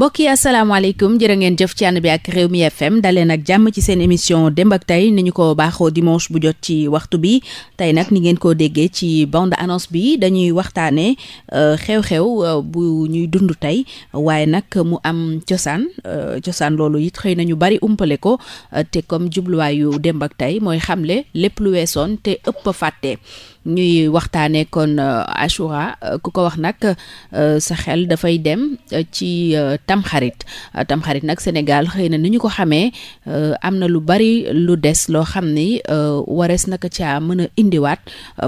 mbokk yi asalaamaaleykum jërë ngeen jëf ci ànd bi ak réew mi FM daleen ak jàmm ci seen émission démb ak tay ni ñu ko baaxoo dimanche bu jot ci waxtu bi tey nag ni ngeen ko déggee ci bande annonce bi dañuy waxtaanee euh, xew-xew euh, bu ñuy dund tey waaye nag mu am cosaan euh, cosaan loolu it xëy nañu bari umpale ko euh, te comme jubluwaayu démb ak tay mooy xamle lépp lu weesoon te ëpp fàtte. ñuy waxtaanee kon euh, Achoura euh, ku ko wax nag euh, sa xel dafay dem ci tamxarit tamxarit nag Sénégal xëy na ni ñu ko xamee am na lu bari lu des loo xam ni warees naka caa mën a indiwaat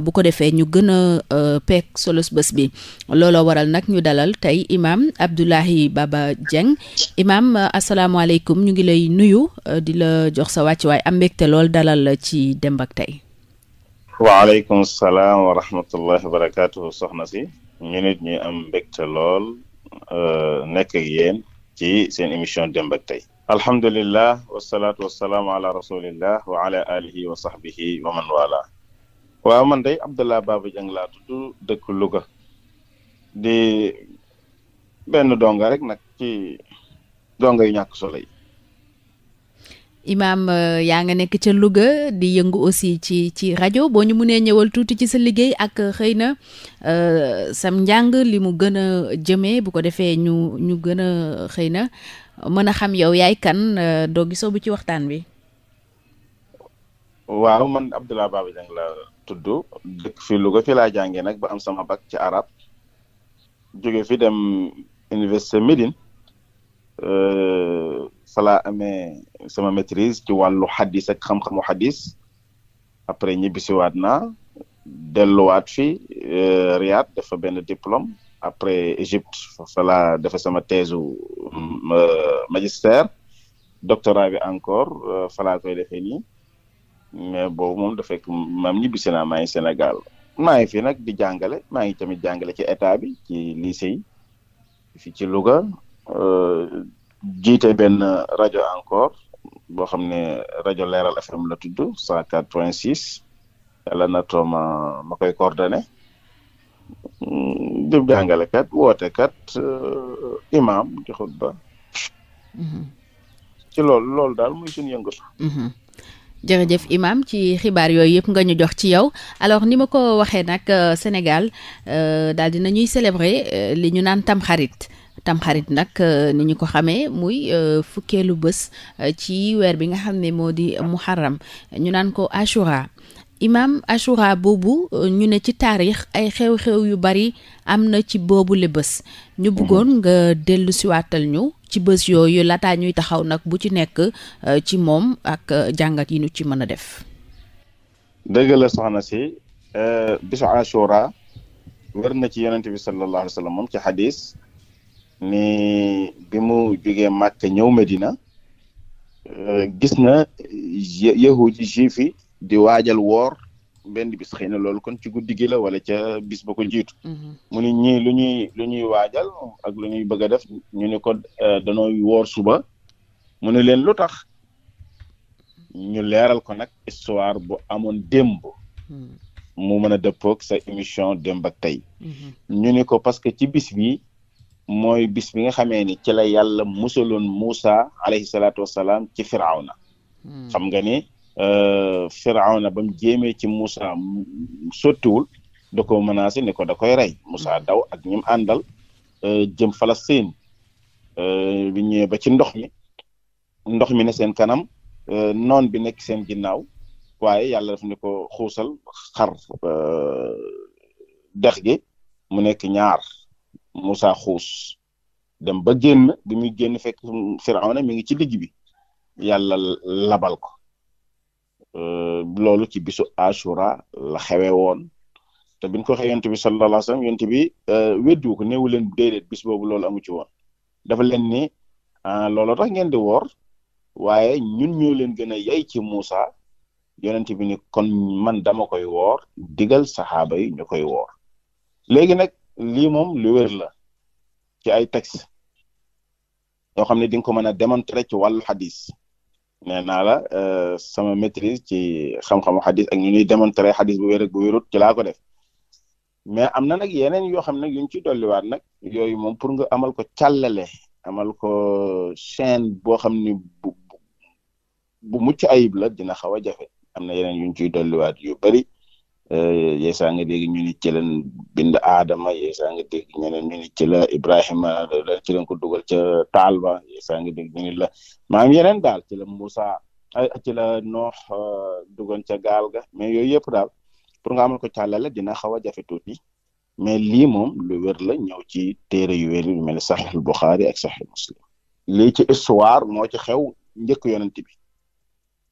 bu ko defee ñu gën a peek solos bés bi looloo waral nag ñu dalal tey imaam Abdoulahi Baba Dieng imaam asalaamaaleykum ñu ngi lay nuyu di la jox sa wàccuwaay am mbégte lool dalal ci Demb ak Tay waaleykum salaam wa rahmatullahi wa barakaatu soxna si ñu nit ñuy am mbégte lool euh, nekk ak yéen ci seen émission démb ak tey alhamdulillah wasalaatu wasalaamu ala rasulillah wa ala alihi wa sahbihi wa man wala waaw man day Abdallah Baba Dieng laa dëkk Louga di benn donga rek nag ci donga yu ñàkk solo yi Imaam euh, yaa nga nekk ca Louga di yëngu aussi ci ci rajo boo ñu mënee ñëwal tuuti ci sa liggéey ak euh, xëy na euh, sam njàng li mu gën a jëmee bu ko defee ñu ñu gën a xëy na mën a xam yow yaay kan doo gisoo bu ci waxtaan bi. waaw man Abdoulaye Baba Dieng la tudd dëkk fi Louga fi laa jàngee nag ba am sama bac ci arab jóge fi dem université Médine. salaa amee sama maîtrise ci wàllu xaddis ak xam-xamu xaddis après ñibbisiwaat naa delluwaat fi euh, Riyad dafa benn diplôme après Égypte salaa dafa sama thèse euh, magistère doctorat bi encore euh, falaa koy defee nii mais boobu moom dafa fekk maam ñibbisi naa maa ngi Sénégal maa ngi fi nag di jàngale maa ngi tamit jàngale ci état bi ci lycée yi fi ci Louga. jiite benn rajo encore boo xam ne rajo Leeral FM la tudd cent quatre point six yàlla na tooma ah, ma koy coordonné mm, di jàngalekat wootekat euh, imam mm-hmm. ci loolu loolu daal muy suñu yëngatu mm-hmm. imam ci xibaar yooyu yëpp nga ñu jox ci yow alors ni ma ko waxee nag euh, Sénégal euh, daal dina ñuy célébrer li ñu naan tamxarit tamxarit nag euh, ni ñu ko xamee muy euh, fukkeelu bés euh, ci weer bi nga xam ne moo di muharram ñu naan ko ashura imam ashura boobu ñu ne ci taarix ay xew-xew yu bari am na ci boobu le bés ñu mhm. buggoon nga dellu siwaatal ñu ci bés yooyu laataa ñuy taxaw nag bu ci nekk ci moom ak jàngat yi ñu ci mën a def dëgg la soxna si bisu ashura wër na ci yonente bi sallallahu alayhi wa sallam moom ci xadis ni bi mu jógee Màkka ñëw Medina euh, gis na yahudi juif yi di waajal woor benn bis xëy na loolu kon ci guddi gi wala ca bis ba ko jiitu mm-hmm. mu ni ñii lu ñuy lu ñuy waajal ak lu ñuy bëgg a def ñu ni ko euh, danooy woor suba mu ne leen lu tax ñu leeral ko nag histoire bu amoon démb mm-hmm. mu mën a dëppoog sa émission démb ak tey mm-hmm. ñu ni ko parce que ci bis bi mooy bis bi nga xamee ni ci la yàlla musaloon Moussa alayhi salaatu wassalaam ci firawna hmm. xam nga ni euh, firawna ba mu jéemee ci Moussa sottiwul da ko menacé ne ko da koy rey Moussa hmm. daw ak ñim àndal euh, jëm Palestine euh, bi ñëwee ba ci ndox mi ndox mi ne seen kanam noon bi nekk seen ginnaaw waaye yàlla daf ne ko xuusal xar dex gi mu nekk ñaar Moussa xuus dem ba génn bi muy génn fekk Firawna mi ngi ci digg bi yàlla labal ko euh, loolu ci bisu Ashura la xewe woon te bin ko xew yonent bi sallallahu alayhi wasallam yonent bi euh, weddiwu ko néewu leen déedéet bis boobu loolu amu ci woon dafa leen ni ah, loolu tax ngeen di woor waaye ñun ñoo leen gën a yay ci Moussa yonent bi ni kon man dama koy woor digal saxaaba yi ñu koy woor léegi nag lii moom lu wér ci ay texte yoo xam ne di nga ko mën a démontrer ci wàllu xadis nee naa la euh, sama maîtrise ci xam-xamu xadis ak ñu ñuy démontrer xadis bu wér ak bu ci laa ko def mais am na nag yeneen yoo xam ne yuñ ci dolliwaat nag yooyu moom pour nga amal ko càllale amal ko chaîne boo xam ni bu bu mucc ayib la dina xaw a jafe am na yeneen yuñ ciy dolliwaat yu bari Eh, yee saa nga dégg ñu ci leen bind aadama yee saa nga dégg ñeneen ci la Ibrahima la ci leen ko dugal ca taal ba yee nga dégg ñu la maam yeneen daal ci la Moussa ci la noox eh, dugal ca gaal ga mais yooyu yëpp daal pour nga amal ko càllale dina xaw a jafe tuuti mais lii moom lu wér la ñaw ci téere yu weer yu mel ni Saxiixul Buxaari ak Saxiix Muslim lii ci histoire moo ci xew njëkk yonent bi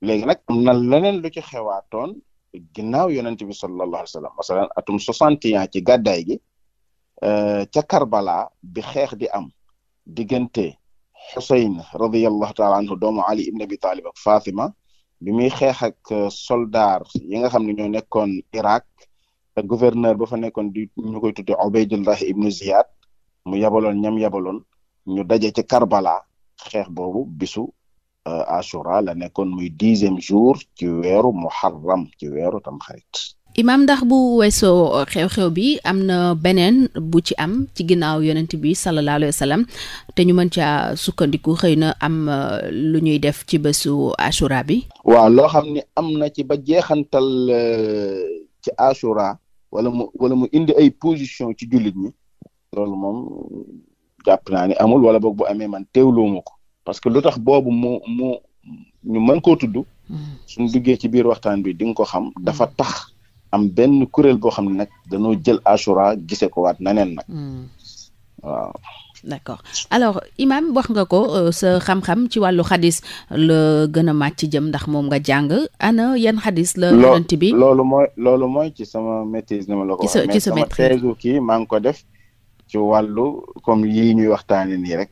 léegi nag am na leneen lu ci xewaatoon ginnaaw yonent bi sallallahu alayhi wa sallam masalan atum 61 ci gàddaay gi euh, ca Karbala bi xeex di am diggante Xuseyn radiyallahu taala anhu doomu Ali ibn Abi Talib ak Fatima bi muy xeex ak euh, soldaar yi nga xam ne ñoo nekkoon Irak te gouverneur ba fa nekkoon di ñu koy tudde Ubaydullah ibnu Ziyad mu yabaloon ñam yabaloon ñu daje ca Karbala xeex boobu bisu Euh, Ashura la nekkoon muy dixième jour ci weeru muharram ci weeru tamxarit imaam ndax bu weesoo xew-xew bi am na beneen bu ci am ci ginnaaw yonent bi sallallahu alayhi te ñu mën caa sukkandiku xëy na am euh, lu ñuy def ci bésu assura bi waaw loo xam ne am na ci ba jeexantal euh, ci Ashura wala mu wala mu indi ay position ci jullit ñi loolu moom jàpp naa ni amul wala boog bu amee man teewloo ma ko parce que lu tax boobu mu mu ñu mën koo tudd. Hmm. suñ duggee ci biir waxtaan bi di nga ko xam dafa hmm. tax am benn kuréel boo xam ne nag dañoo jël assura gisee ko waat naneen nag. Hmm. waaw. imam wax nga ko euh, sa xam-xam ci wàllu xadis la gën a màcc jëm ndax moom nga jàng ana yan xadis la yonent bi loolu mooy loolu mooy ci sama maîtrise ni ma la ko waxee ci sa maîtrise kii maa ngi ko def ci wàllu comme yii ñuy waxtaane nii rek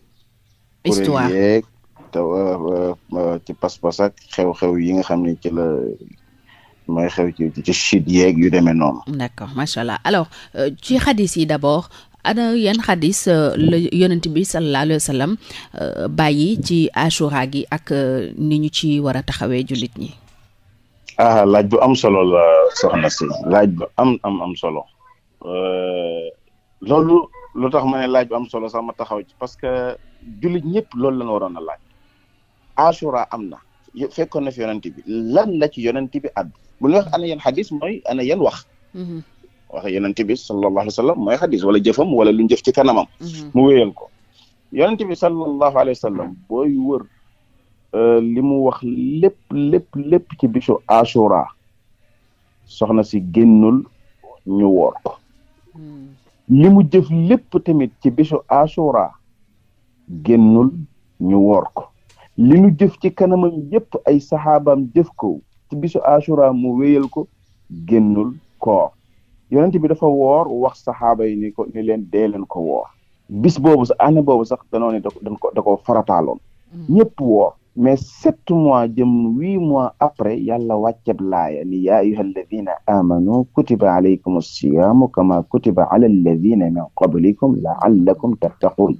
histoire yeeg euh, euh, euh, ci pas-pas xew-xew yi nga xam ne ci la mooy xew ci ci chute yeeg yu demee noonu. d'accord macha allah alors ci xadis yi d'abord ana yan xadis la yonent bi sallallahu alayhi wa sallam bàyyi ci ashura gi ak ni ñu ci war a taxawee jullit ñi. ah laaj bu am solo la soxna si laaj bu am am am solo loolu lu tax ma ne laaj bu am solo sax ma taxaw ci jullit ñëpp loolu la ñu waroon a laaj asura am na na fi yonent bi lan la ci yonent bi addu bu ñu wax ana yan xadis mooy ana yan wax mm-hmm. wax yonent bi sallallahu wa sallam mooy xadis wala jëfam wala lu ñu jëf ci kanamam mm-hmm. mu wéyal ko yonent bi sallallahu alayhi wa sallam booy wër euh, li mu wax lépp lépp lépp ci bisu asura soxna si génnul ñu woor ko mm-hmm. li tamit ci bisu asura génnul ñu woor ko li nu jëf ci kanamam yépp ay saxaabaam jëf ko ci bisu asura mu wéyal ko génnul koor yonent bi dafa woor wax saxaaba yi ni ko leen dee leen ko woor bis boobu sa année boobu sax danoo ne dañ ko da ko farataaloon mm. ñëpp woor mais mois jëm huit mois après yàlla wàcceb laaya ni ya ayuha alladina amanu kutiba alaykum alsiyaamu kama kutiba ala alladina min qablikum laallakum tattaqun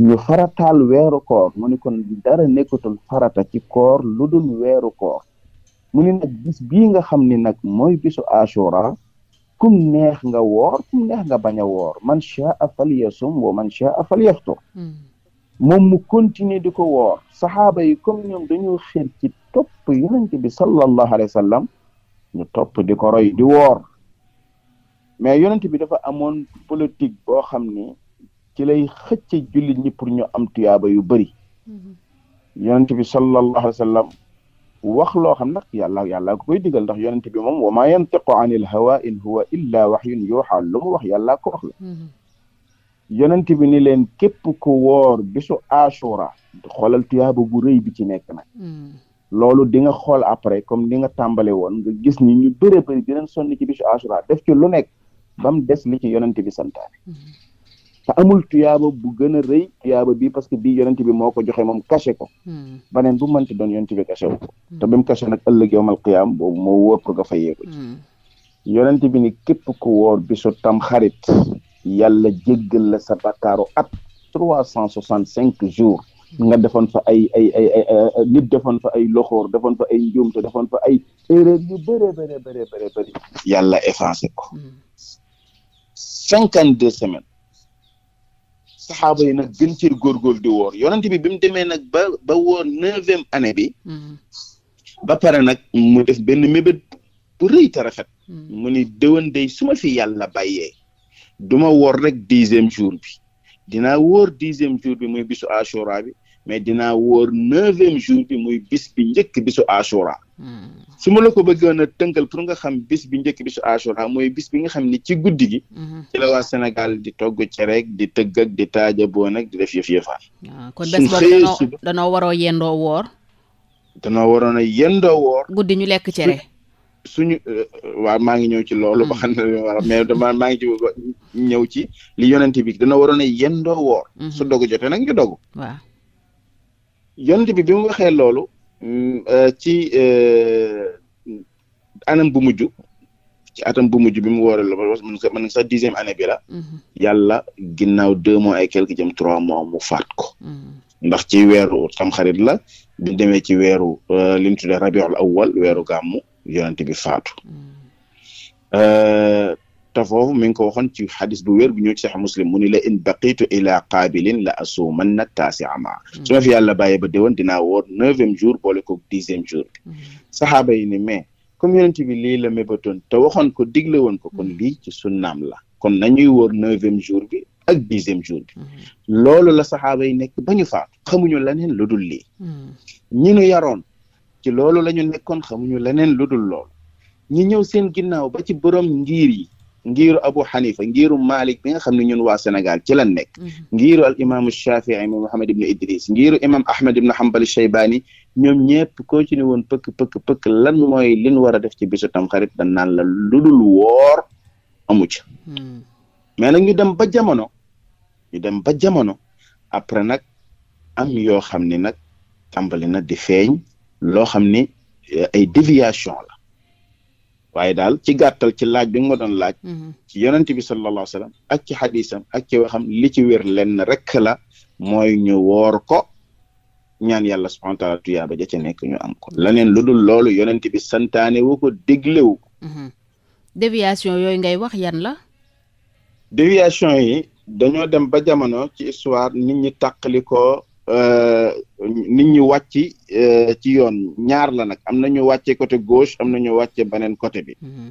ñu farataal weeru koor mu ne kon dara nekkatul farata ci koor lu dul weeru koor mu ne nag bis bii nga xam ni nag mooy bisu ashura kum neex nga woor kum neex nga bañ a woor man shaa falyasum wa man shaa falyaftur moom mu continuer di ko woor saxaaba yi comme ñoom dañoo xir ci topp yonent bi sallallahu alayhi wa sallam ñu topp di ko roy di woor mais yonent bi dafa amoon politique boo xam ni ci lay xëcce jullit ñi pour ñu am tuyaaba yu bëri yonent bi sallallahu alayhi wa sallam wax loo xam nag yàlla yàllaa ko koy digal ndax yonent bi moom wa maa yantiqu anil hawa in huwa illa waxyun yuuxa lu mu wax yàllaa ko wax la yonent bi ni leen képp ku woor bisu ashura xoolal tuyaaba bu rëy bi ci nekk nag loolu di nga xool après comme ni nga tàmbale woon nga gis ni ñu bëre bëri dinañ sonn ci bisu ashura def ci lu nekk ba des li ci yonent bi santaane te amul tuyaaba bu gën a rëy tuyaaba bi parce que bii yonent bi moo ko joxe moom caché ko hmm. baneen bu mënti doon yonent bi caché wu ko hmm. te ba mu caché nag ëllëg yowmal qiyaam boobu moo wóor ko nga fayee ko ci hmm. bi ni képp ku wóor bisu tam xarit yàlla jéggal la sa bakkaaru at trois cent soixante cinq jours nga defoon fa ay ay ay ay nit defoon fa ay loxoor defoon fa ay njuumte defoon fa ay erreur yu bëree bëree bëree bëri yàlla effacé ko cinquante deux semaines saxaaba yi nag gën cee góorgóorlu di woor bi mu demee nag ba ba woor neuvième année bi mm. ba pare nag mu def benn mébét bu rëy te mm. mu ni déwén day su fi yàlla bàyyee duma woor rek dixième jour bi dinaa woor dixième jour bi muy bisu ashura bi mais dinaa woor neuvième jour bi muy bis bi njëkk bisu ashura su ma la ko bëggoon a tënkal pour nga xam bis bi njëkk bi su Achoura mooy bis bi nga xam ni ci guddi gi. Mhm. waa Sénégal di togg cereeg di tëgg ak di taaja boon ak di ah, kon bés boobu danoo waroo yendoo woor. waroon a yendoo woor. guddi ñu lekk cere. suñu euh, waaw maa ngi ñëw ci loolu. Mhm. ba xam ne mais maa ngi ci ñëw ci li yonent bi dana waroon a yendoo woor. Mhm. su dogu jotee nag ñu dogu. waaw bi bi waxee loolu. Mm, euh, ci euh, anam bu mujj ci atam bu mujj bi mu wooree la mën na sax dixième année bi la. Mm-hmm. yàlla ginnaaw deux mois et quelques jëm trois mois mu faat ko. Mm-hmm. ndax ci weeru tamxarit la bi demee ci weeru euh, li ñu tuddee rabiul awwal weeru gàmmu yonent bi faatu. Mm-hmm. te foofu mi ko waxoon ci xadis bu wér bu ñëw ci sax muslim mu la in baqitu ila qaabilin la asuuman na taasi ama su ma fi yàlla ba déwoon dinaa woor neuvième jour boole ko dixième jour bi saxaaba yi ni mais comme yonent la mébatoon te waxoon ko digle woon ko kon mm. lii ci sunnaam la kon na nañuy woor neuvième jour bi ak dixième jour bi mm. loolu la saxaaba yi nekk ba ñu faatu xamuñu leneen lu dul lii mm. ñi ñu yaroon ci loolu la ñu nekkoon xamuñu lu dul loolu ñi ñëw seen ginnaaw ba ci borom ngiir yi ngiiru abu xanifa ngiiru malik bi nga xam ne ñoon waa sénégal ci lan nekk mhm. ngiiru al imaamu shafii mu muhammad ibnu idris ngiiru imam ahmad ibnu hambal shaybaani ñoom ñëpp koo ci ne woon pëkk pëkk pëkk lan mooy li ñu war a def ci bisu tamxarit dañ naan la ludul woor amu ca hmm. mais nag ñu dem ba jamono ñu dem ba jamono après nag am yoo xam ne nag tàmbali na di feeñ loo xam ne euh, ay déviation la waaye daal ci gàttal ci laaj bi nga doon laaj. Mm-hmm. ci yonent bi sallallahu alayhi wa sallam ak ci xadisam ak waxam li ci wér lenn rek la mooy ñu woor ko ñaan yàlla subhanahu wa taala tuyaaba ja ca nekk ñu am ko leneen lu dul loolu yonent bi santaane wu ko déglewu ko. Mm-hmm. déviation yooyu ngay wax yan la. déviation yi dañoo dem ba jamono ci histoire nit ñi tàqali ko Euh, nit ñi wàcc euh, ci yoon ñaar la nag am na ñu wàcce côté gauche am na ñu wàcce beneen côté bi mm-hmm.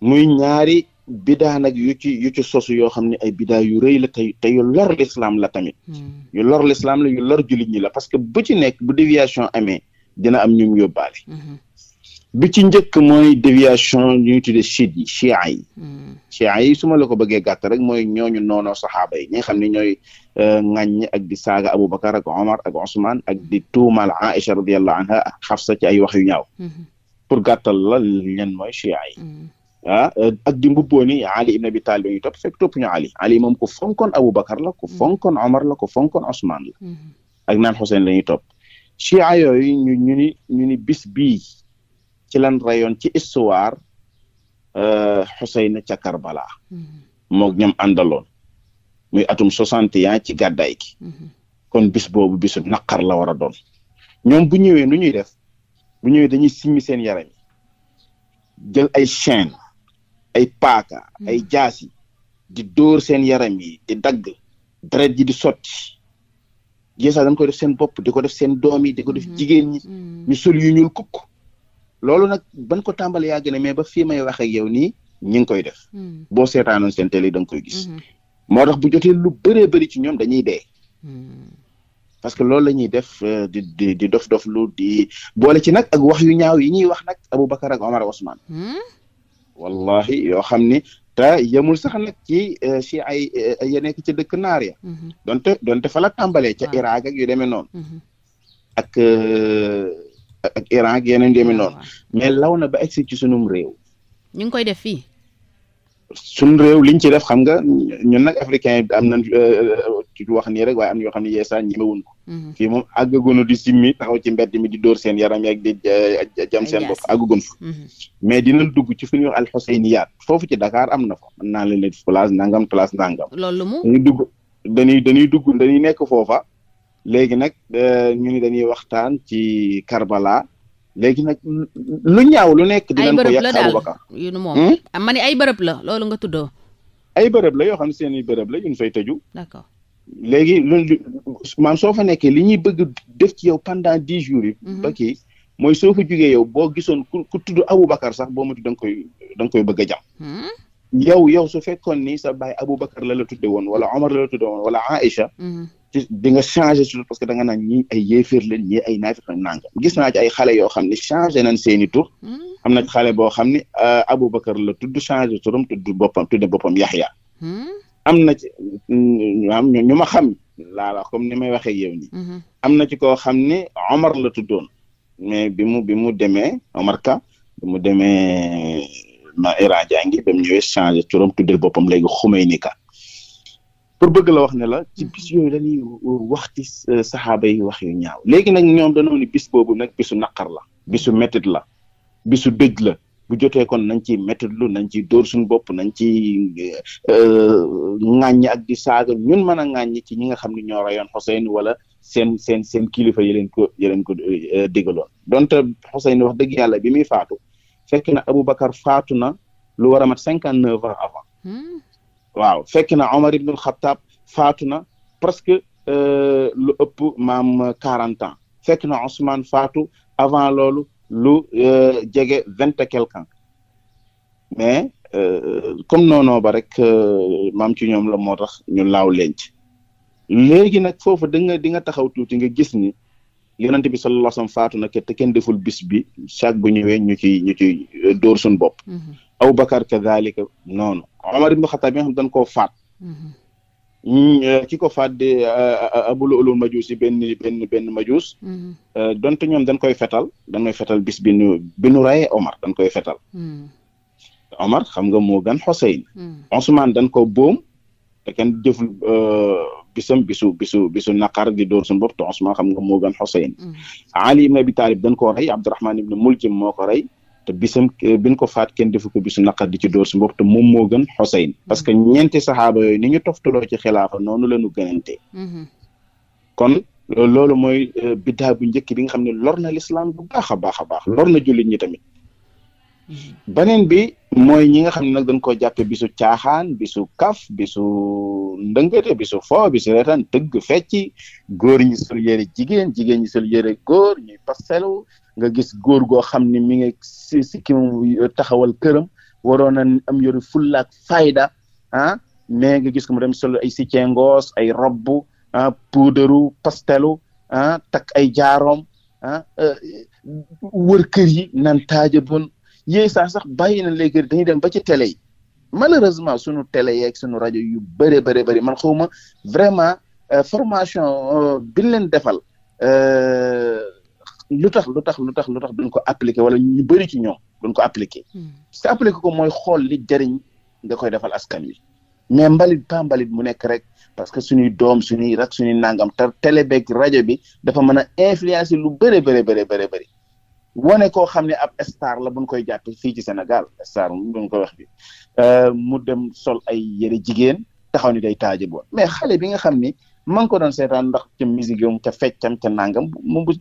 muy ñaari bidaa nag yu ci yu ci sosu yoo xam ne ay bidaa yu rëy la te te yu lor lislaam la tamit mm-hmm. yu lor lislaam la yu lor jullit ñi la parce que bu ci nekk bu déviation amee dina am ñum yóbbaale mm-hmm. bi ci njëkk mooy déviation ñu tuddee chiite yi chia yi chia hmm. yi ma la ko bëggee rek mooy ñooñu noonoo saxaaba yi ñi xam ne ñooy euh, ŋàññ ak di saaga Aboubacar ak Omar ak Ousmane ak di hmm. tuumal Aïcha radiallahu anha Xafsa ci ay wax yu ñaaw hmm. pour la ñen mooy chia yi ah euh, ak di mbubboo ni Ali ibn Abi Talib ñu topp fekk topp ñu Ali Ali moom ku fonkoon Aboubacar la ku fonkoon Omar la ku fonkoon Ousmane la ak naan Xussein la ñuy topp chia yooyu ci lan rayoon ci histoire Xuseyna euh, ca Karbala mm-hmm. moog ñam àndaloon muy atum soixante et ci gàddaay gi mm-hmm. kon bis boobu bisu naqar la war a doon ñoom bu ñëwee nu ñuy def bu ñëwee dañuy simmi seen yaram yi jël ay chaîne ay paaka mm-hmm. ay jaasi di dóor seen yaram yi di dagg deret ji di sotti yeesa dañ koy def seen bopp di ko def seen doom yi di ko def jigéen ñi sol yu ñuul kukk loolu nag ban ko tàmbali yàgg na mais ba fii may wax ak yow nii ñu koy def. Hmm. boo seetaanoon seen télé da nga koy gis. Hmm. moo tax bu jotee lu bëree bëri ci ñoom dañuy dee. Hmm. parce que loolu la ñuy def euh, di di di dof dof lu di boole ci nag ak wax yu ñaaw yi ñuy wax nag Aboubacar ak Omar a wallahi yoo xam ne te yemul sax nag ci si euh, ay euh, ya nekk ci dëkk naar ya. donte donte fa la tàmbalee ca ah. Irak ak yu demee noonu. ak. ak Iran ak yeneen demi noonu ah, mais law na ba egsi ci réew. ñu ngi koy def fii. sun réew liñ ci def xam nga ñon nag africain am nañ ci euh, euh, wax ni rek waaye am na yoo xam ne yeesaan ñemewuñ ko. Mhm. fii moom àggagunu di simmi taxaw ci mbedd mi di door seen yaram yeeg di euh, jam seen bopp àggagun fa. Mhm. mais dinañ dugg ci fu ñuy wax alxuseyniyaat foofu ci Dakar am na fa mën naa leen ne place nangam place nangam. loolu dugg dañuy nekk foofa. léegi nag euh, ñu ni dañuy waxtaan ci Karbala léegi nag lu ñaaw lu nekk. dinañ ko yàq Aboubacar ay bërëb la daal yu moom. Hmm? Ah, ma ay bërëb la loolu nga tuddoo. ay bërëb la yoo xam ne seen i bërëb la yu ñu fay tëju. d'accord léegi loolu man soo fa nekkee li ñuy bëgg def ci yow pendant dix jours yi. Mhm. ba kii mooy soo fa jugee yow boo gisoon ku ku tudd Aboubacar sax boo moytu da nga koy da koy bëgg a jam. Hmm? yow yow su fekkoon ni sa baay Aboubacar la la tudde woon wala Omar la la tudde woon wala Aïcha. Mhm. ci di nga changé surtout parce que da nga naan ñii ay yéeféer leen ñii ay naafiq nanga gis xale yoo xam ne changé nañ seeni tur hmm. am na xale boo xam ne euh, Aboubacar la tudd changé turam tudd boppam tudd boppam Yaxya hmm. am na ci ñu ma xam laala comme ni may waxee yow nii hmm. am na ci koo xam ne Omar la tuddoon mais bi mu bi mu demee Omar Ka bi mu demee ma Iran jàngi ba mu ñëwee changé turam tuddee boppam léegi Ka pour bëgg la wax ne la ci mm-hmm. bis yooyu dañuy wax ci euh, saxaaba yi wax yu ñaaw léegi nag ñoom dañoo ni bis boobu nag bisu naqar la bisu métit la bisu dëj la bu jotee kon nañ ci métitlu nañ ci dóor suñu bopp nañ ci euh, ŋàññi ak di saaga ñun mën a ŋàññi ci ñi nga xam ni ñoo rayoon Xuseyn wala seen seen seen kilifa yi leen ko yi leen ko euh, digaloon donte Xuseyn wax dëgg yàlla bi muy faatu fekk na abu Aboubacar faatu na lu war a mat cinquante neuf avant hmm. waaw fekk na Omar ibnul Xattaab faatu na presque euh, lu ëpp maam quarante ans fekk na Ousmane faatu avant loolu lu euh, jege vingt et quelque ans mais euh, comme noonoo ba rek maam ci ñoom la moo tax ñu laaw leen ci léegi nag foofu da nga di nga taxaw tuuti nga gis ni yonent bi sallallahu alayhi wasallam faatu na te kenn deful bis bi chaque bu ñëwee ñu ci ñu ci dóor suñu bopp mhm. Abu Bakar kadhalika Omar ibn Khattab bi nga xam dañ koo faat mhm. mm, eh, ki ko faat di eh, eh, abul ulul majuus yi benn benn benn majuus mhm. donte ñoom koy fetal dañ koy fetal bis bi nu bi nu rayee Omar dañ koy fetal mhm. Omar xam nga moo gan Xoseyn xam nga moo gan Xoseyn Ali ibn Abi Talib dañ koo Abdurahman ibn Muljim moo ko rey te bisam eh, biñ ko faat kenn defu ko bisu naqar di ci dóor su te moom moo gën Xuseyn mm-hmm. parce que ñeenti saxaaba yooyu ni ñu toftaloo ci xilaafa noonu la ñu gënante mm-hmm. kon loolu mooy eh, biddaa bu njëkk bi nga xam ne lor na lislaam bu baax a baax a baax lor na jullit ñi tamit mm-hmm. beneen bi mooy ñi nga xam ne nag dañ koo jàppe bisu caaxaan bisu kaf bisu ndëngate bisu fo bisu reetaan tëgg fecci góor ñi sol yëre jigéen jigéen ñi sol yére góor ñuy pastelu nga gis góor goo xam ne mi ngi si si ki taxawal këram waroon na am yoru fullaak fayda ah mais nga gis ko mu dem sol ay sicce ngoos ay robbu ah puudaru pastelu ah takk ay jaaroom ah euh, wër kër yi nan taaja bon yéey saa sax bàyyi na léegi dañuy dem ba ci télé yi malheureusement sunu télé yeeg sunu rajo yu bëree bëri bëri man xawma vraiment euh, formation euh, bi ñu leen defal euh, lu tax lu tax lu tax lu tax duñ ko appliqué wala ñu bëri ci ñoom duñ ko appliqué. Hmm. parce ko mooy xool li jëriñ nga koy defal askan wi mais mbalit pas mu nekk rek parce que suñuy doom suñuy rak suñuy nangam te télé beeg rajo bi dafa mën a influencer lu bëree bëri bëri bëri. wane koo xam ne ab star la buñ koy jàppe fii ci Sénégal star buñ euh, mu dem sol ay yére jigéen taxaw ni day taaje boon mais xale bi nga xam ni ma ngi ko doon seetaan ndax ca musique am ca feccam ca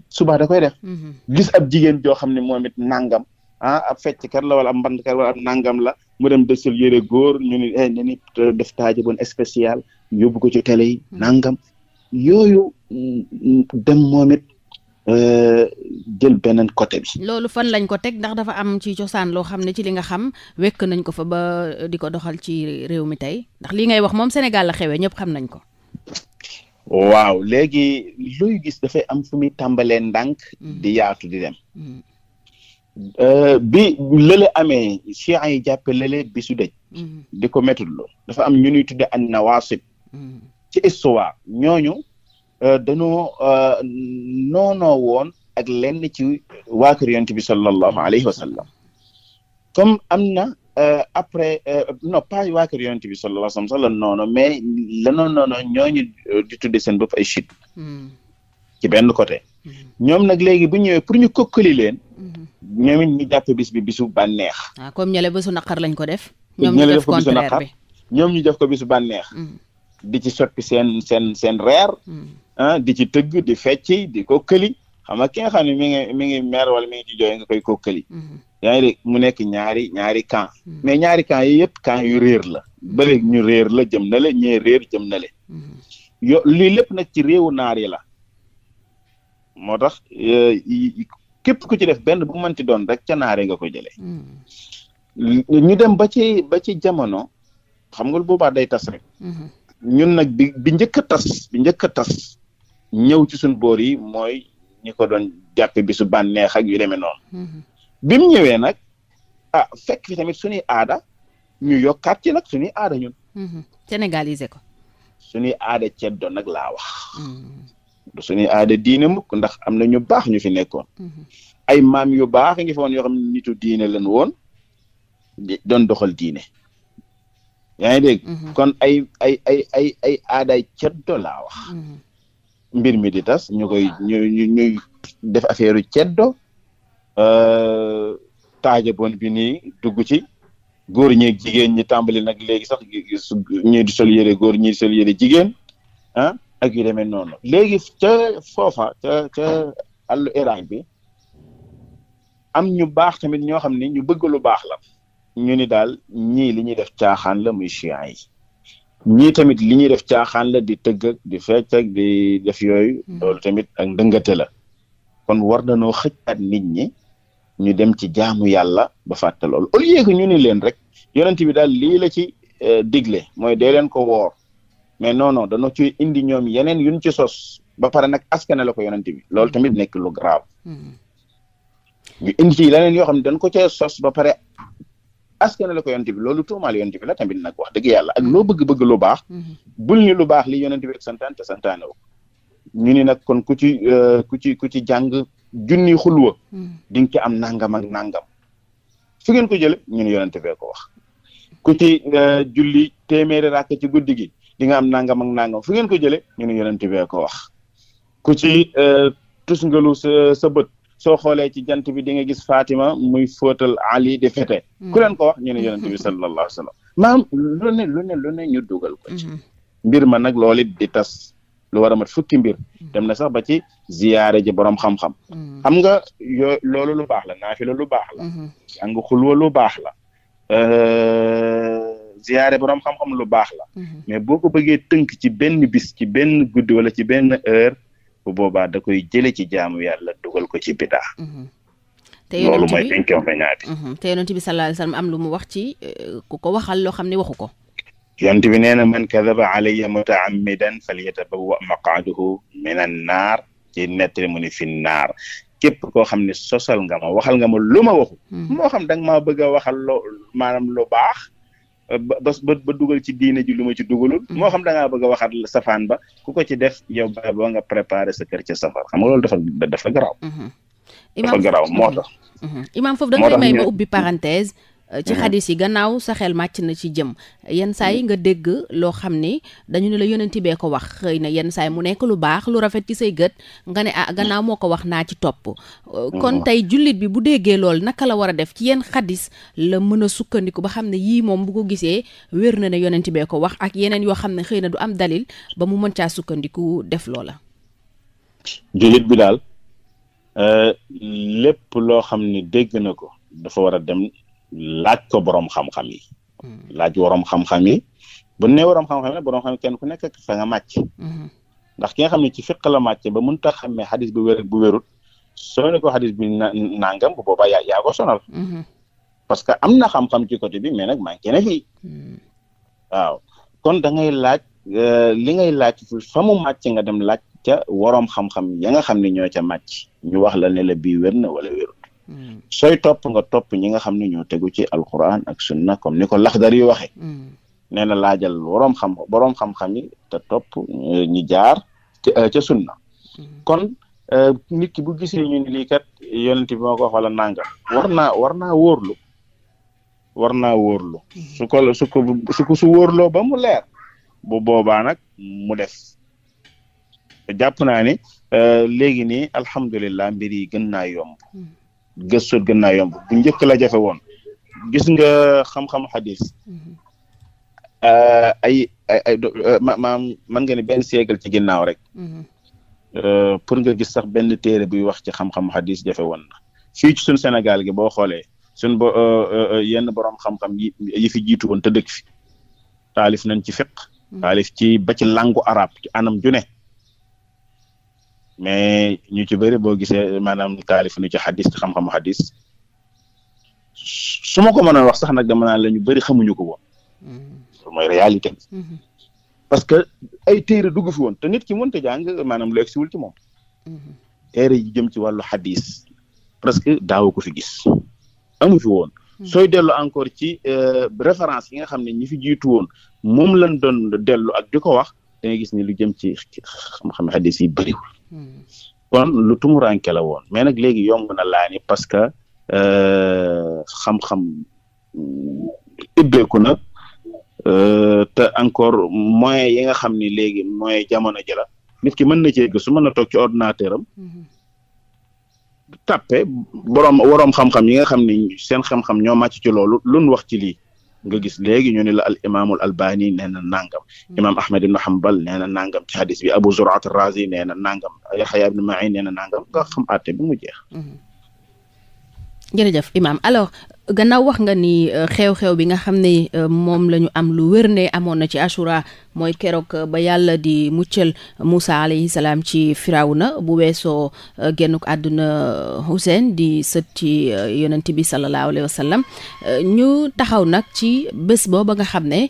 suba da koy def mm-hmm. gis ab jigéen joo xam ne moom it nangam a ah, ab fecckat la wala ab mbandkat wala nangam la mu dem de sol yére góor ñu ni eh ne ni def taaje spécial yóbbu ko ci télé yi mm-hmm. nangam yooyu mm, dem moom Euh, jël beneen côté loolu fan lañ ko teg ndax dafa am ci cosaan loo xam ne ci li nga xam wekk nañ ko fa ba euh, di ko doxal ci réew mi tey ndax li ngay wax moom Sénégal la xewee ñëpp xam nañ ko. waaw léegi luy gis dafay am fu muy tàmbalee ndànk. Mm. di yaatu di dem. Mm. Euh, bi lële amee chiites yi jàppe lële bisu de mm. di ko méttiwul dafa am ñu ñuy tudde an nawaasib ci histoire ñooñu. Euh, dañoo euh, noonoo woon ak lenn ci waa kër yonent bi sallallahu alayhi wa sallam comme am na euh, après non pas waa kër yonent bi sallallahu alayhi wa mais lanoo noono ñooñu di tudde seen bopp ay chiite hmm. ci benn côté hmm. ñoom nag léegi bu ñëwee pour ñu kokkali leen hmm. ñoom it ñu jàpp bisu bànneex ah comme ñële bésu lañ ko def ñoom ñu def ko ñu def ko bisu bànneex di ci sotti seen seen seen reer ah di ci tëgg di fecci di ko këli xam nga ki nga mi ngi mi ngi mer wala mi ci jooy nga koy ko mm-hmm. yaa ngi mu nekk ñaari ñaari camp. Mm-hmm. mais ñaari camp yi yëpp camp yu réer la. Mm-hmm. ba ñu réer la jëm na le ñee réer jëm na le. yo lii lépp nag ci réewu naar yi la. moo tax eh, képp ku ci def benn bu mënti doon rek ca naar nga ko jëlee. ñu dem ba ci ba ci jamono. xam nga lu boobaa day tas rek. ñun nag bi bi tas bi njëkk tas. ñëw ci suñ boor yi mooy ñi ko doon jàppe bisu bànneex ak yu demee noonu. Mm-hmm. bi mu ñëwee nag a ah, fekk fi tamit suñuy aada ñu yokkaat ci nag suñuy aada ñun. Mm-hmm. sénégaliser ko. suñuy aada ceddo nag laa wax. Mm-hmm. du suñuy aada diine mukk ndax am na ñu baax ñu fi nekkoon. ay maam yu baax ngi fa woon yoo xam ne nitu diine lañ woon doon doxal diine. yaa ngi dégg. kon ay ay ay ay aada aadaay do laa wax. mbir mi di tas ñu koy ñu ñu def affaire u ceddo euh, taaja bon bi nii dugg ci góor ñeeg jigéen ñi tàmbali nag léegi sax ñii di sol yére góor ñii di sol yére jigéen ah ak yu demee noonu léegi ca foofa ca ca àllu Irak bi am ñu baax tamit ñoo xam ne ñu bëgg lu baax la ñu ni daal ñii li ñuy def caaxaan la muy chiites yi ñii tamit li ñuy def caaxaan la di tëgg ak di fecc ak di def yooyu. Hmm. loolu tamit ak ndëngate la. kon war nañoo xëccaat nit ñi ñu dem ci jaamu yàlla ba fàtte lool au lieu que ñu ni leen rek yonent bi daal lii la ci euh, digle mooy de leen ko woor mais non non ci indi ñoom yeneen yuñ ci sos ba pare nag askane la ko yonent bi loolu tamit nekk lu grave. Hmm. ñu indi ci leneen yoo xam ko cee sos ba pare askan la ko yonent bi loolu tuumaal yonent bi la tamit nag wax dëgg yàlla ak loo bëgg-bëgg lu baax mhm. bul ni lu baax li yonent bi ak santaan te santaane wu ñu ni nag kon ku ci euh, ku ci ku ci jàng junni xulwa mhm. di nga ci am nangam ak nangam fu ngeen ko jële ñu ni yonent ko wax ku ci julli téeméeri rakk ci guddi gi di nga am nangam ak nangam fu ngeen ko jële ñu ni yonent bee ko wax ku ci tus ngalu sa sa bët soo xoolee ci jant bi di nga gis Fatima muy fóotal Ali di fete hmm. ku ko wax ñu ne yonent bi sallallahu alayhi wa sallam maam lu ne ñu dugal ko ci hmm. mbir ma nag loolu it tas lu war a mat fukki mbir hmm. dem na sax ba ci ziyaare ji boroom xam-xam xam nga yoo loolu lu baax la naafila lu baax la jàng xulwa lu baax la euh, ziyaare borom xam-xam lu baax la mais boo ko bëggee tënk ci benn bis ci benn guddi wala ci benn heure bu boobaa da koy jële ci jaamu yàlla dugal ko ci bidaa mhm. loolu mooy inconvénient bi mhm. te yonent bi sallallahu alayhi wasallam am lu mu wax ci eh, ko waxal loo xam ne waxu ko yonent bi nee na man kadaba alayya mutaammidan falyatabawwa maqaaduhu min an naar ci nettali mu ni fi naar képp koo xam ne sosal nga ma waxal nga ma lu ma waxu mhm. moo xam da nga maa a waxal loo maanaam baax ba ba dugal ci diine a lu ma ci dugalul hmm. moo xam da ngaa bëgg a waxaat safaan ba ku ko ci def yow ba boo nga préparé sa kër ca safar xam nga loolu dafa dafa garaaw hmm. dafa garaaw hmm. moo tax imaam ubbi parenthèse ci mhm. xadis yi gannaaw sa xel màcc na ci jëm yenn saa yi nga dégg loo xam ni dañu ne la yonent bee ko wax xëy na yenn saa yi mu nekk lu baax lu rafet ci say gët nga ne ah gannaaw moo ko wax naa ci topp mhm. kon tey jullit bi bu déggee loolu naka la war a def ci yenn xadis la mën a sukkandiku ba xam ne yii moom bu ko gisee wér na ne yonent bee ko wax ak yeneen yoo xam ne xëy na du am dalil ba mu mën caa sukkandiku def loola jullit bi daal euh, lépp loo xam ne dégg ko laaj ko boroom xam-xam yi. Hmm. laaj borom xam-xam yi bu ne borom xam-xam yi borom xam ku nekk fa nga màcc. Hmm. ndax ki nga xam ne ci fiq la màcc ba mun a xàmmee xadis bu wér bu wérut xadis bi na nangam bu boobaa yaa sonal. Hmm. parce que am na xam ci côté bi mais nag manqué na fii. waaw kon da ngay laaj euh, li ngay laaj fa mu màcc nga dem laaj ca waroom xam-xam ya xam ne ñoo ca màcc ñu wax la ne wala wérut. Mm. sooy topp nga topp ñi nga xam ne ñoo tegu ci alquran ak sunna comme ni ko laxdar yi waxee mm. nee na laajal boroom xam boroom xam-xam yi topp euh, ñi jaar euh, ca sunna mm. kon euh, nit ki bu gisee ñu ni lii kat yonent bi moo ko wala nanga war naa war naa wóorlu war naa wóorlu su ko wóorloo ba mu leer bu boobaa nag mu def jàpp naa ne léegi nii alhamdulilah mbir yi gën naa yomb gëstu gën naa yomb bu njëkk la jafe woon gis nga xam-xam xadis mhm. ay ay euh, mën nga ne benn siècle ci ginnaaw rek mhm. euh, pour nga gis sax benn téere buy wax ci xam-xam xadis jafe woon na fii ci suñ Sénégal gi boo xoolee suñ bo euh, yenn borom xam-xam yi fi jiitu woon te dëkk fi taalif nañ ci fiq mhm. taalif ci ba ci langu arab ci anam ju ne mais ñu ci bëri boo gisee maanaam taalif nu ci xadis xam-xamu xadis su ma ko mënoon wax sax nag dama naan la ñu bëri xamuñu ko woon mm-hmm. mooy mm-hmm. parce que ay téere dugg fi woon te nit ki mënta jàng maanaam lu egsiwul ci moom mm-hmm. téere yi jëm ci wàllu xadis presque daaw ko fi gis amu fi woon sooy dellu encore ci euh, référence yi nga xam ne ñi fi jiitu woon moom lañ doon dellu ak di ko wax da gis ni lu jëm ci xam-xam xadis yi bëriwul kon lu tumuranke la woon mais nag léegi yomb na laani parce que euh, xam-xam mm, ibbeeku na euh, te encore moyen yi nga xam ni léegi moyen jamono ji la nit ki mën na ci su mën na toog ci ordinateur am mm-hmm. tàppe boroom waroom xam-xam yi nga xam ni seen xam-xam ñoo màcc ci loolu luñ wax ci lii nga gis léegi ñu ne la al imaamul albani nee na nangam mm. imaam ahmad ibn hanbal nee na nangam ci hadis bi abu zur'at razi nee na nangam yaxya ibn ma'in nee na nangam nga xam àtte bi mu jeex mm-hmm. jërëjëf imaam gannaaw wax nga ni euh, xew-xew bi nga xam ne euh, moom la ñu am lu wér ne amoon na ci Ashura mooy keroog euh, ba yàlla di muccal Moussa alayhi salaam ci Firawna bu weesoo ko àdduna Hussein di sët ci yonent bi sallallahu alayhi wa ñu taxaw nag ci bés booba nga xam ne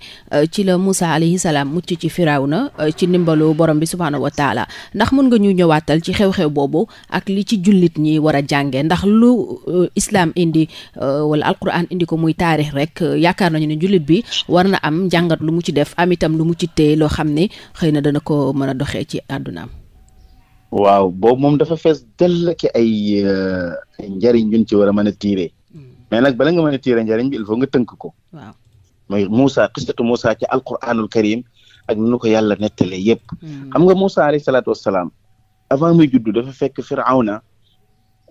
ci la Moussa alayhi salaam mucc ci Firawna ci ndimbalu borom bi subhaanahu wa taala ndax mun nga ñu ñëwaatal ci xew-xew boobu ak li ci jullit ñi war a jànge ndax lu islam indi wala alquran indi ko muy taarix rek yaakaar nañu ne jullit bi war na am njàngat lu mu ci def am itam lu mu ci téye loo xam ne xëy na dana ko mën a doxee ci àddunaam. waaw boobu moom dafa fees dell ki ay njariñ yuñ ci war a mën a tiiree. Hmm. mais nag bala nga mën a tiiree njariñ bi il nga tënk ko. waaw mooy Moussa xisatu Moussa ci alquranul karim ak nu ko yàlla nettalee yépp hmm. xam nga Moussa alayhi salaatu wassalaam avant muy juddu dafa fekk Firawna.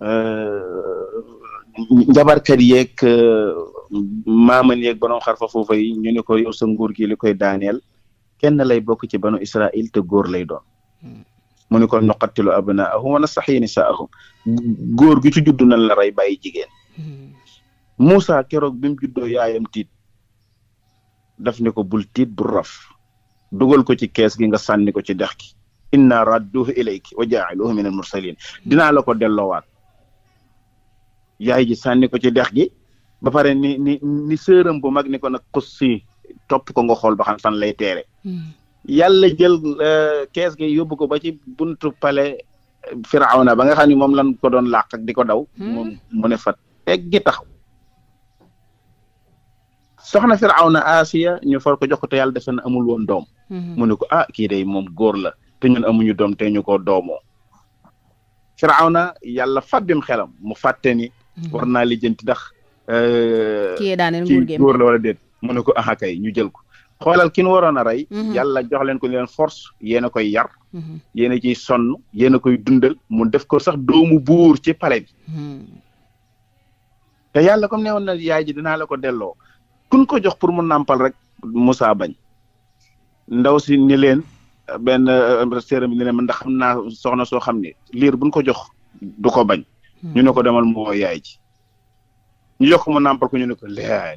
Euh, njabarkat yeeg euh, maaman yeeg borom xar fa foofa yi ñu ne ko yow sa nguur gi li koy daaneel kenn lay bokk ci banu Israil te góor lay doon mu ne ko nuqattilu abnaahum sax nastaxyi nisaahum góor gi ci judd nan la rey bay jigéen Moussa keroog bi mu juddoo yaayam tiit daf ne ko bul tiit bu raf dugal ko ci kees gi nga sànni ko ci dex gi inna radduhu ilayki wa jaa'iluhu min al mursalin dinaa la ko delloowaat yaay ji sànni ko ci dex gi ba pare ni ni ni sëram bu mag ni ko nag xus si topp xool ba xam fan lay teere hmm. yàlla jël euh, kees gi yóbbu ko ba ci buntu pale euh, firawna ba nga xam ne moom lan ko doon làq ak di ko daw moom mu ne fat eggi taxaw soxna firawna Asiya ñu for ko jox ko te yàlla amul woon doom hmm. mu ne ah, la te ñun amuñu doom te ñu ko doomoo firawna yàlla fàbbim xelam mu fàtte ni Mhm. war naa lijjanti ndax. Euh, kii daaneel nguur gi góor la wala déet mu ne ko aha kay ñu jël ko. xoolal ki nu waroon a rey. Mhm. yàlla jox leen ko leen force yéen a koy yar. Mhm. yéen a ciy sonn yéen a koy dundal mu def ko sax doomu buur ci palais bi. te yàlla comme ne woon na yaay ji dinaa la ko delloo. kun ko jox pour mu nàmpal rek Moussa bañ. ndaw si ni leen benn euh, séeram bi ni leen man ndax xam naa soxna soo xam ne liir buñ ko jox du ko bañ. Hmm. ñu ne ko demal moo yaay ji ñu yokk mu nàmpal ko ñu ne ko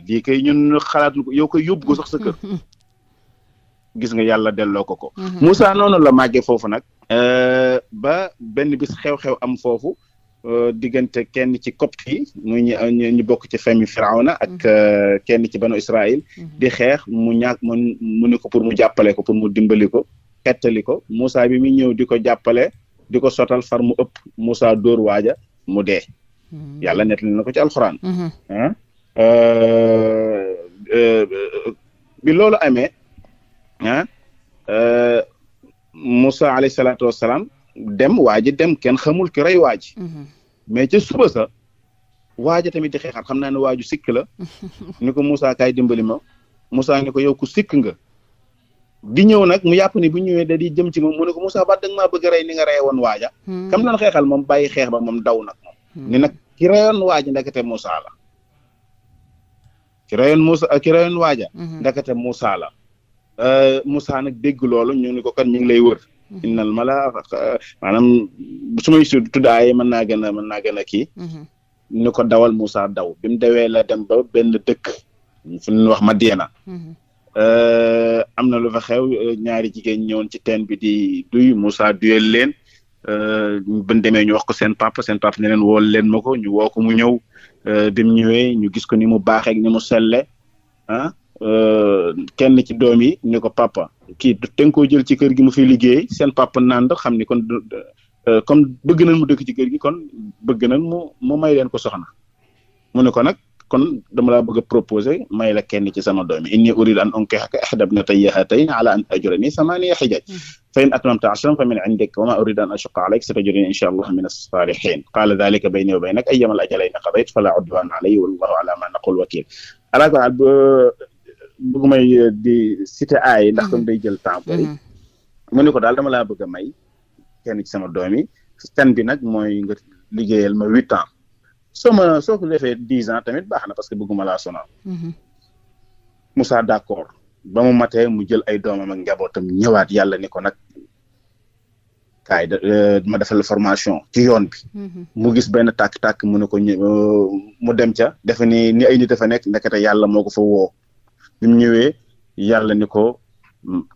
lii kay xalaat ko yow koy yóbbu ko sax sa hmm, hmm. gis nga yàlla delloo ko ko Moussa noonu la màggee foofu nag euh, ba benn bis xew-xew am foofu euh, diggante kenn ci copte yi mu ñu ñu bokk ci famille Firawna ak euh, kenn ci banu Israël di xeex mu ñàkk mu ne ko pour mu jàppale ko pour mu dimbali ko xettali ko Moussa bi muy ñëw di ko jàppale di ko sotal far mu ëpp musa dóor waaja mu dee hmm. yàlla nettali na ko ci alxuraan hmm. ah. euh, euh, bi loolu amee ah euh, Moussa alayhi salaatu wassalaam dem waa ji dem kenn xamul ki rey waa hmm. suba sa waa ji tamit di xeexaat xam naa ne waaju sikk la ni ko Moussa kaay dimbali ma Moussa ni ko yow ku sikk nga di ñëw nag mu ni bu ñëwee da di jëm ci moom mu ne ko Moussa Ba da nga maa bëgg a rey ni nga rey woon waaja hmm. kam lan xeexal moom bàyyi xeex ba moom daw nag moom hmm. ni nag ki reyoon waaja ndekete Moussa la ki reyoon Moussa ki reyoon waaja hmm. ndekete Moussa la euh, Moussa nag dégg loolu su su tuddaaye mën a mën naa gën a ko dawal Moussa daw bi mu dawee la dem dëk benn dëkk fu ñu wax am na lu fa xew euh, ñaari jigéen ñëwoon ci teen bi di duy Moussa duyel leen euh, ban demee ñu wax ko seen papa seen papa ne leen wool leen ma ko ñu woo mu ñëw euh, bi mu ñëwee ñu gis ko ni mu baaxee ak ni mu selle ah kenn ci doom yi ne ko papa kii te nga koo jël ci kër gi mu fi liggéey seen papa nand xam ni kon comme bëgg nañ mu dëkk ci kër gi kon bëgg nañ mu mu may leen ko soxna mu ne ko nag kon dama laa bëgg a proposé may la kenn ci sama doom yi inni uridu an unkihaka ihda ibnatayya haatayni ala an tajurani samaaniya hijaj hmm. fa in atmamta ashran fa min indika wa ma uridu an ashuqqa alayka satajiduni insha allah min as-salihin qaala dhalika bayni wa baynak ayyama al ma naqul wakil ala ko al bëgg may eh, di cité aay ndax hmm. comme day jël temps bari hmm. ne ko daal dama laa bëgg a may kenn ci sama doom yi stan bi nag mooy nga liggéeyal ma huit ans so ma soo ko defee dix tamit baax na parce que bëgguma laa sonal. Mhm. Moussa d'accord ba mu matee mu jël ay doomam ak njabootam ñëwaat yàlla ni ko nag kaay euh, ma defal formation ci yoon bi. Mhm. mu gis benn tàkk-tàkk mu ne ko euh, mu dem ca. defe ni ni nekk ndekete yàlla moo ko fa woo bi mu ñëwee yàlla ni ko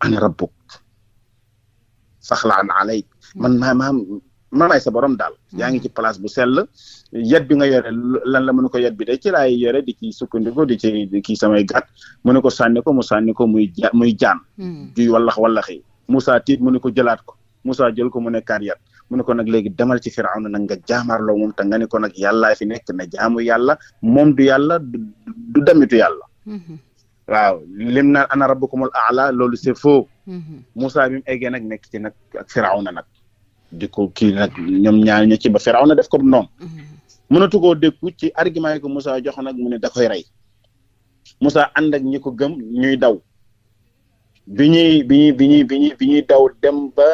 ana rabbuk saxlaan alay mhm. man maa may sa borom daal mm-hmm. yaa ngi ci place bu sell yet bi nga yore lan la mënu ko yet bi de ci laay yore di ci sukkandiku di ci kii samay gàtt mu ne ko sànni ko mu sànni ko muy ja muy jaan mm-hmm. juy wallax wallaxi Moussa tiit mu ko jëlaat ko Moussa jël ko mu ne kaar yat mu ne ko nag léegi demal ci Firawna nag nga jaamaarloo moom te nga ne ko nag yàllaa fi nekk na jaamu yàlla moom du yala du damitu yàlla mm-hmm. waaw lim naan ana rabbukumul aala loolu c'est faux Moussa bi mu eggee nag nekk ci nag ak na nag di ko kii nag ñoom ñaar ña ci ba firaw na def ko noonu mm-hmm. mënatu koo déggu ci argument yi ko Moussa jox nag mu ne da koy rey musa ànd ak ñi ko gëm ñuy daw bi ñuy bi ñuy bi ñuy bi ñuy bi daw dem ba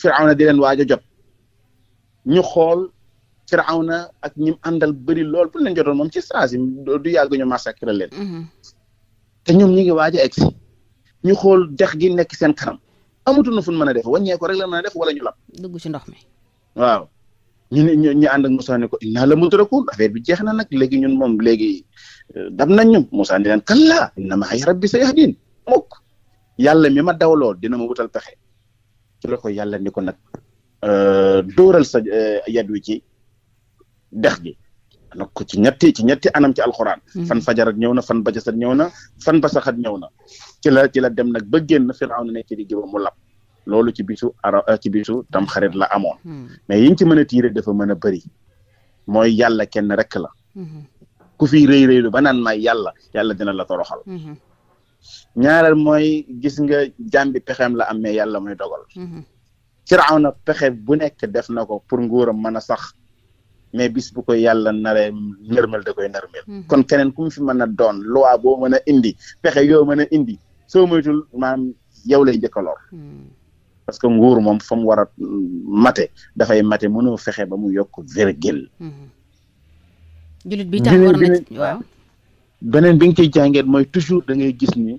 firawna di leen waaj a jot ñu xool firawna ak ñim àndal bëri lool bu leen jotoon moom ci saasi du yàgg ñu massacre leen mm-hmm. te ñoom ñi ngi waaj ñu xool dex gi nekk seen kanam amatuñu fu ñu mën a def wàññee ko rek la mën a wala ñu lab. dugg ci ndox mi. waaw ñu ne ñu ànd ak Moussa ne ko inna la mudrakun affaire bi jeex na nag léegi ñun moom léegi euh, dab nañ ñu Moussa ne leen kalla inna ma'iya rabbi sayahdin mukk yàlla mi ma dawloo dina ma wutal pexe ci la ko yàlla ni ko nag euh, dóoral sa euh, yad wi ci dex gi na ko ci ñetti ci ñetti anam ci alxuraan. Mm-hmm. fan fajarat ñëw na fan bajasat ñëw na fan basaxat ñëw na ci la ci la dem nag ba génn Firawna nekk di gëba mu lab loolu ci euh, tam xarit la amoon. Mm-hmm. mais yiñ ci mën a tiire dafa mën a bëri mooy yàlla rek la. Mm-hmm. ku fi rëy rëylu ba naan may yàlla yàlla dina la toroxal. ñaareel mooy gis nga jàmbi pexeem la am mais yàlla mooy dogal. Firawna pexe bu nekk def na ko pour nguuram mën a sax. mais bis bu ko yàlla na naree nërmel da koy nërmel. Mhm. kon keneen ku mu fi mën a doon loi boo mën a indi pexe yoo mën a indi soo moytul maanaam yow lay njëkk hmm. parce que nguur moom fa mu war a mate dafay mate mënoo fexe ba mu yokk vergel. Hmm. jullit bi tam beneen bi nga ciy jàngee mooy toujours da ngay gis ni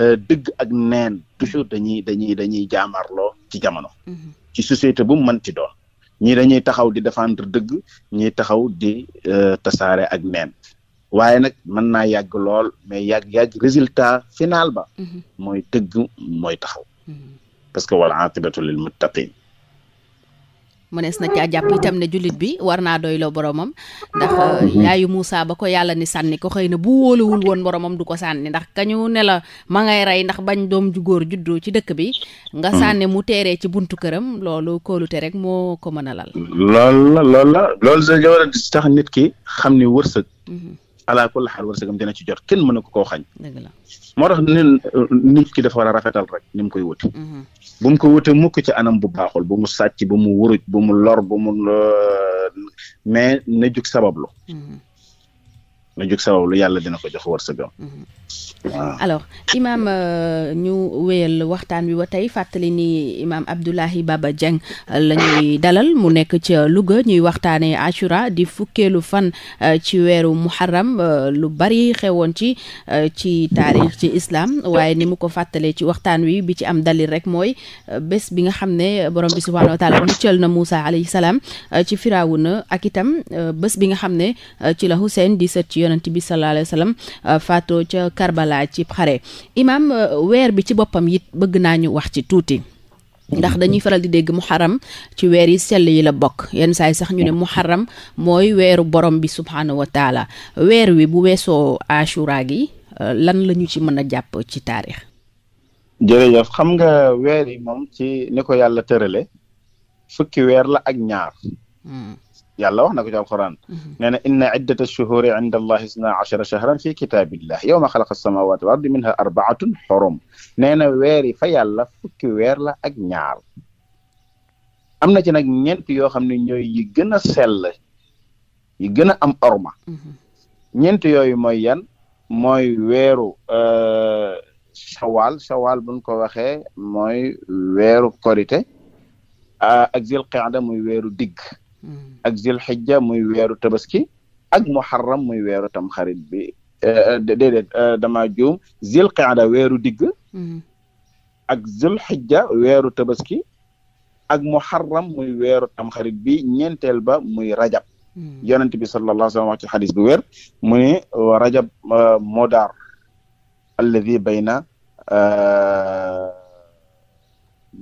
euh, dëgg ak neen toujours dañuy dañuy dañuy jaamarloo ci jamono. Hmm. ci société bu mu mënti doon. ñii dañuy taxaw di défendre dëgg ñiy taxaw di euh, tasaare ak neen waaye nag mën naa yàgg lool mais yàgg-yàgg résultat final ba mhm. mooy dëgg mooy taxaw mhm. parce que wal aqibatu lil muttaqin mënees na caa jàpp itam ne jullit bi war naa doyloo boromam ndax euh, mhm. yaayu muusa ba ko yàlla ni sànni ko xëy na bu wóoluwul woon boromam du ko sànni ndax kañu ne la ma ngay rey ndax bañ doom ju góor juddu ci dëkk bi. nga mhm. sànni mu teeree ci buntu këram loolu kóolute rek moo ko mën a lal. loolu la loolu la loolu da war tax nit ki xam ni wërsëg. Mhm. ala kulli xaal wërsëgam dina ci jot kenn mën na ko koo xañ. dëgg la moo tax nen nit ki dafa war a rafetal rek ni koy wute. Mm-hmm. bu mu ko wute mukk ci anam bu baaxul bu mu sàcc bu mu wuruj bu mu lor bu mu euh, mais na jug sabablu. Mm-hmm. lu jug sabab lu yàlla dina ko jox wërsëgam mhm. waaw alors imaam euh, ñu wéyal waxtaan wi wa tey fàttali ni imaam Abdoulahi Baba Dieng euh, la dalal mu nekk ci Louga ñuy waxtaanee Ashura di fukkeelu fan euh, ci weeru muharram lu bari xewoon ci ci taarix ci islam waaye ni mu ko fàttalee ci waxtaan wi bi ci am dalil rek mooy bés bi nga xam ne borom bi subhaanahu wa taala muccal na Moussa alayhi salaam ci firawuna ak itam bés bi nga xam ne ci la Hussein di sët ci yonent bi sallallahu alayhi wasallam euh, faatoo ca Karbala ci xare imaam euh, weer bi ci boppam it bëgg naa ñu wax ci tuuti ndax dañuy faral di dégg muharram ci weer yi sell yi la bokk yenn saa sax ñu ne mooy weeru borom bi subhaanahu weer wi bu weesoo ashura gi euh, lan lañu ci mën a jàpp ci taarix jërëjëf xam nga weer yi moom ci ni ko yàlla tërale fukki weer la ak ñaar hmm. yàlla wax na ko ci alquran mhm. nee na inna iddata shuhuri inda allahi isna achara shahran fi kitaabillah yowma xalaqa samawati wal ardi minha arbaatun xorom nee na weer yi fa yàlla fukki weer la ak ñaar am na ci nag ñeent yoo xam ne ñooy yi gën a sell yi gën a am orma mhm. ñeent yooyu mooy yan mooy weeru euh, shawal shawal buñ ko waxee mooy weeru korite euh, ak zil qaada muy weeru digg ak zilxijja muy weeru tabaski ak muharram muy weeru tamxarit bi eh, eh, déedéet eh, dama juum zilqaada weeru digg mm-hmm. ak zilxijja weeru tabaski ak muharram muy weeru tamxarit bi ñeenteel ba muy rajab mm-hmm. yonent bi sallallahu alayhi wa xadis bu wér mu ne rajab modaar alladi bayna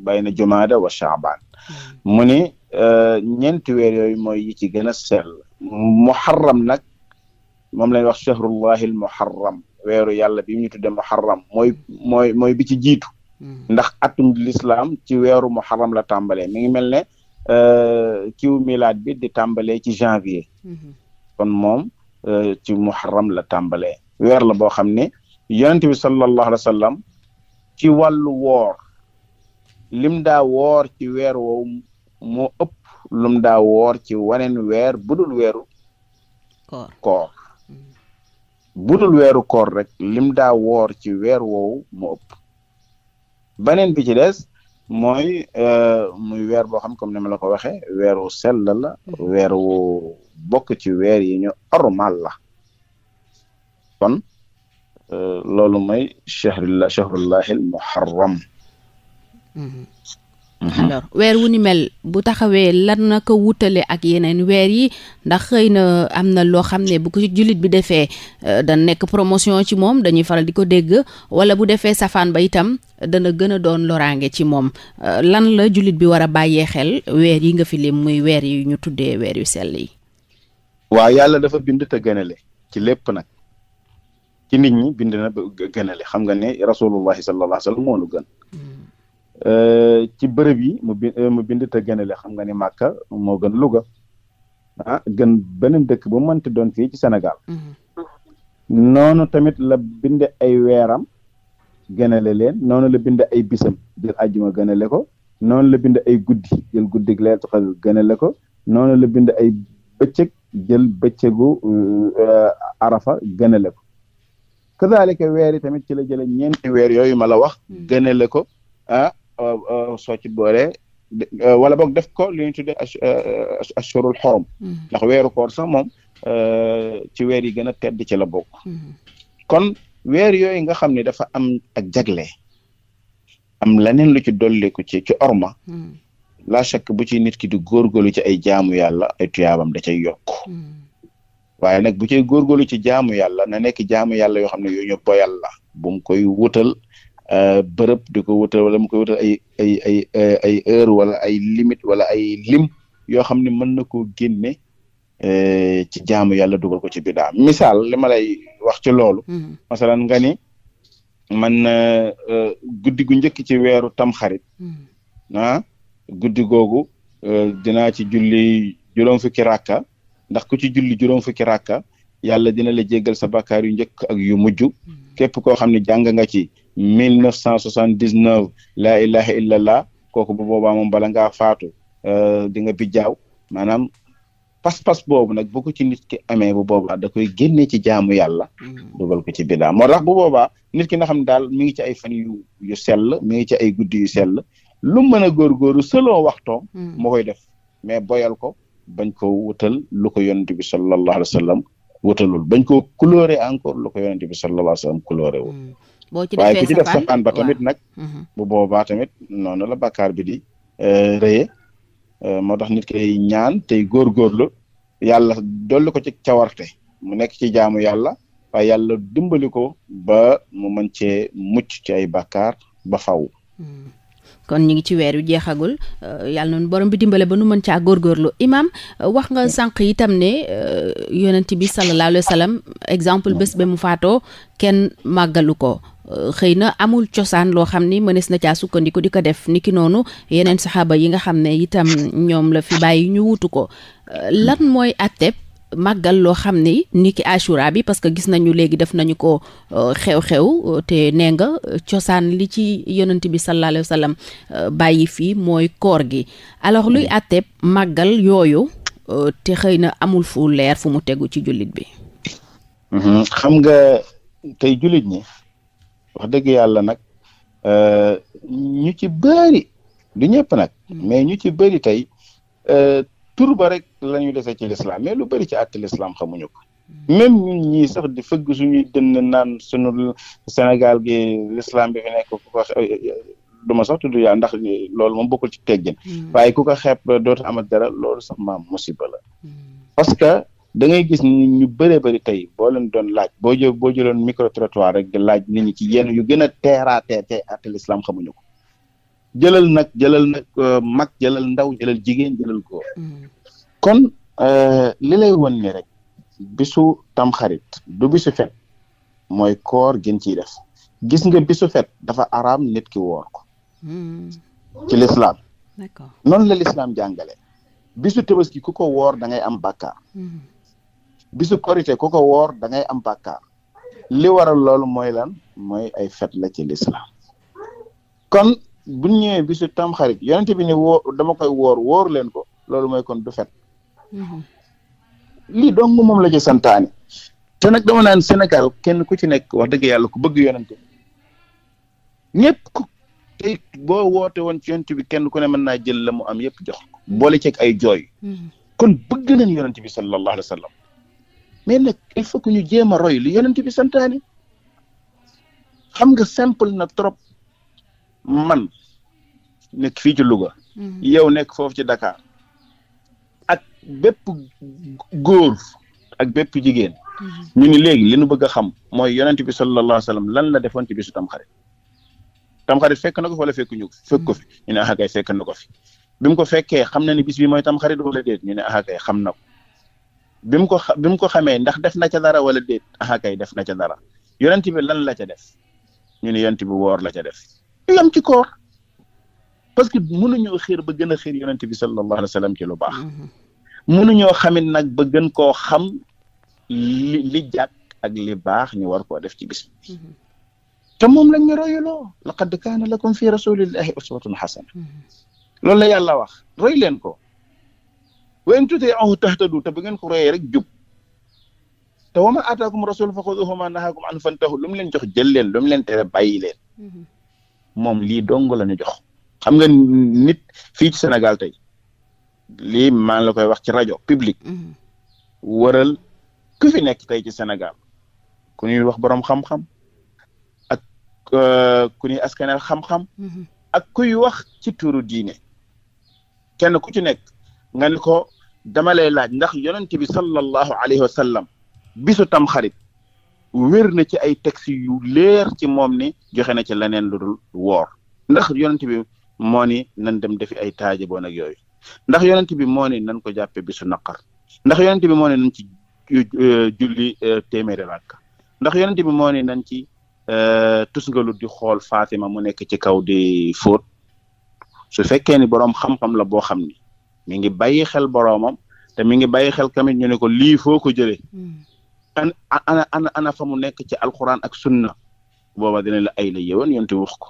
bayna jumaada wa chaabaan mm-hmm. mu Euh, ñeenti weer yooyu mooy yi ci gën a sell muharram nag moom lañ wax shahrullahi al muharram weeru yàlla bi ñu tudde muharram mooy mooy bi ci jiitu hmm. ndax atum lislaam ci weeru muharram la tàmbalee mi ngi mel ne euh, kiw milaad bi di tàmbalee ci janvier hmm. kon moom euh, ci muharram la tàmbalee weer la boo xam ne yonent bi sallallahu alayhi ci wàllu woor lim woor ci weer woowu mu ëpp lum daa woor ci waneen weer budul weeru koor koor mm. budul weeru koor rek lim daa woor ci weer woowu moo ëpp beneen bi ci des mooy euh, muy weer boo xam comme ni ma la ko waxee weeru sell la mm. weer wu bokk ci weer yi ñu ormal la kon euh, loolu mooy chahrullahi al muharram mm-hmm. Mm-hmm. alors weer wu ni mel bu taxawee lan na ko wutale ak yeneen weer yi ndax xëy na am na loo xam ne bu ko jullit bi defee euh, da nekk promotion ci moom dañuy faral di ko dégg wala bu defee safaan ba itam dana gën a doon loraange ci moom euh, lan la jullit bi war a bàyyee xel weer yi nga fi lim muy weer yi ñu tuddee weer yu sell yi. waaw yàlla dafa bind te gënale ci lépp nag ci nit ñi bind na gënale xam nga ne rasulullahi sallallahu alayhi moo nu gën. Mm. Euh, ci bërëb yi mu bi euh, mu bind te gënale xam nga ni Màkka moo gën luga ah, gën beneen dëkk bu mënti doon fii ci Sénégal mm-hmm. noonu tamit la bind ay weeram gënale leen noonu la bind ay bisam jël àjjuma gënale ko noonu la bind ay guddi jël guddig Laylatul Qadr gënale ko noonu la bind ay bëccëg jël bëccëgu euh, arafa gënale ko kazaalika weer yi tamit ci la jële ñeenti weer yooyu ma la wax mm. gënale ko ah, Euh, euh, soo ci boole euh, wala boog def ko li ñu tuddee ashurul xorom mm-hmm. ndax weeru koor sax moom ci weer yi gën a tedd ci la bokk mm-hmm. kon weer yooyu nga xam ne dafa am ak jagle am leneen lu ci dolliku ci ci orma mm-hmm. la chak bu ci nit ki di góorgóorlu ci ay jaamu yàlla ay tuyaabam da cay yokk waaye nag bu cay góorgóorlu ci jaamu yàlla na nekk jaamu yàlla yoo xam ne yoo ñu boyal la koy wutal Euh, bërëb di ko wutal wala mu koy wutal ay ay ay euh, ay heure wala ay limite wala ay lim yoo xam ne mën na ko koo génne euh, ci jaamu yàlla dugal ko ci bidaa misaal li ma wax ci loolu mm-hmm. masalan nga ni man guddi gu njëkk ci weeru tamxarit mm-hmm. ah guddi googu dinaa ci julli juróom fukki rakka ndax ku ci julli juróom fukki rakka yàlla dina la jéggal sa bakkaar yu njëkk ak yu mujj mm-hmm. képp koo xam ne jàng nga ci mille neuf cent soixante dix neuf laa ilaha illallah kooku bu boobaa moom bala ngaa faatu euh, di nga bijjaaw maanaam pas-pas boobu nag bu ci nit ki amee bu boobaa da koy génne ci jaamu yàlla mm. dugal ko ci bidaa moo tax bu boobaa nit ki nga xam daal mi ngi ci ay fan yu yu sell mi ngi ci ay guddi yu sell lu mën a góorgóoru selon waxtoom moo mm. koy def mais boyal ko bañ ko wutal lu ko yonent bi sallallahu alayhi wa sallam wutalul bañ ko coloré encore lu ko yonent bi sallallahu alayhi wa boo ci waaye ku ci def safaan ba tamit nag mm-hmm. bu boobaa tamit noonu la bàkkaar bi di eh, rëye eh, moo tax nit koy ñaan tey góorgóorlu yàlla dolli ko ci cawarte mu nekk ci jaamu yàlla waaye yàlla dimbali ko ba mu mën cee mucc ci ay bàkkaar ba faw mm-hmm. kon ñu ngi ci weer wi jeexagul eh, yàlla noonu borom bi dimbale ba nu mën caa góorgóorlu imaam wax nga sànq tam ne yonent bi sallallahu alayhi wa sallam exemple bés ba mu faatoo kenn màggalu ko xëy na amul cosaan loo xam ni mënees na caa sukkandiku di ko def niki noonu yeneen saxaaba yi nga xam ne itam ñoom la fi bàyyi ñu wutu ko lan mooy atteb màggal loo xam ni ki Ashura bi parce que gis nañu léegi def nañu ko euh, xew-xew te nee nga cosaan li ci yonent bi sallallahu alayhi wa sallam euh, bàyyi fii mooy koor gi alors luy atteb màggal yooyu euh, te xëy na amul fu leer fu mu tegu ci jullit bi mm-hmm. xam nga tey jullit ñi wax dëgg yàlla nag euh, ñu ci bëri du ñëpp nag mm. mais ñu ci bëri tey euh, tur ba rek la ñu dese ci lislaam mais lu bëri ci àtte lislaam xamuñu ko mm. même ñun ñii sax di fëgg suñuy dënn naan sunu Sénégal gi lislaam bi fi nekk ku ko du ma sax ndax loolu moom bokkul ci teggin mm. amat dara loolu sax maam musiba la parce da ngay gis ni ñu bëree bëri tey boo leen doon laaj boo jë boo jëloon micro trottoir rek laaj nit ñi ci yenn yu gën a teeraa teer tey àttal islam xamuñu ko jëlal nag jëlal nag euh, mag jëlal ndaw jëlal jigéen jëlal góor. Mm. kon euh, li lay won ni rek bisu tamxarit du bisu fet mooy koor gën ci def gis nga bisu fet dafa arab nit ki woor ko. Mm. ci lislaam noonu la lislaam jàngale bisu tabaski ku ko woor da ngay am bàkkaar. Mm. bisu korité ku ko woor da ngay am bàkkaar li waral loolu mooy lan mooy ay fet la ci lislaam kon bu ñëwee bisu tamxarit yonent bi ni woo dama koy woor wóor leen ko loolu mooy kon du fet mhm. lii dong moom la ci santaane te nag dama naan Sénégal kenn ku ci nekk wax dëgg yàlla ku bëgg yonent bi ñëpp ku tey woote woon ci yonent bi kenn ku ne mën naa jël la mu am yëpp jox boole ceeg ay jooy mhm. kon bëgg nañ yonent bi sallallahu alayhi wa sallam mais nag il faut que ñu jéem a roy li yonent bi santaane xam nga simple na trop man nekk fii ci Louga. Mhm. yow nekk foofu ci Dakar ak bépp góor ak bépp jigéen. Mhm. ñu ni léegi li nu bëgg a xam mooy yonent bi sallallahu alayhi wa sallam lan la defoon ci bisu tamxarit tamxarit fekk na ko fi wala fekk ñu fekk ko mhm. fi ñu ne ah kay ko fi bi ko fekkee xam na ni bis bi mooy tamxarit wala déet ñu ne ah kay xam na bi mu ko bi mu ko xamee ndax def na ca dara wala déet aha kay def na ca dara yonent bi lan la ca def ñu ne yonent bi woor la ca def ñu yem ci koor parce que mënuñoo xiir ba gën a xiir yonent bi sallallahu alayhi wa sallam ci lu baax mun mm-hmm. ñow xamit nag ba gën koo xam li li jàkk ak li baax ñu war koo def ci bis bi mm-hmm. te moom lañ ñu royuloo kaana lakum fi rasulillahi uswatun hasana mm-hmm. loolu la yàlla wax roy leen ko wa in tuti'uhu tahtadu te bu ngeen ko ye rek jub te wa ma aataakum rasul fa xuduhu wa ma nahaakum an fantahu lu mu leen jox jël leen lu mu leen tere bàyyi leen mm-hmm. moom lii dong la ñu jox xam nga nit fii ci Sénégal tey lii maa la koy wax ci rajo public mm-hmm. waral ku fi nekk tey ci Sénégal ku ñuy wax boroom xam-xam ak euh, ku ñuy askanel xam-xam mm-hmm. ak kuy wax ci tuuru diine kenn ku ci nekk nga ni dama lay laaj ndax yonent bi sallallahu alayhi wa sallam bisu tam xarit wér na ci ay texte yu leer ci moom ni joxe na ci leneen lu dul woor ndax yonent bi moo ni nan dem defi ay taaje boon ak yooyu ndax yonent bi moo ni nan ko jàppee bisu naqar ndax yonent bi moo ne nan ci euh, julli euh, téeméeri rakka ndax yonent bi moo ne nan ci euh, tusngalu di xool Fatima mu nekk ci kaw di fóot su fekkee ni boroom xam-xam la boo xam ni mi ngi bàyyi xel boroomam te mi ngi bàyyi xel kamit ñu ne ko lii foo ko jëlee. Hmm. an ana ana ana fa mu nekk ci alxuraan ak sunna booba dina la ay la yéwoon yonte wax ko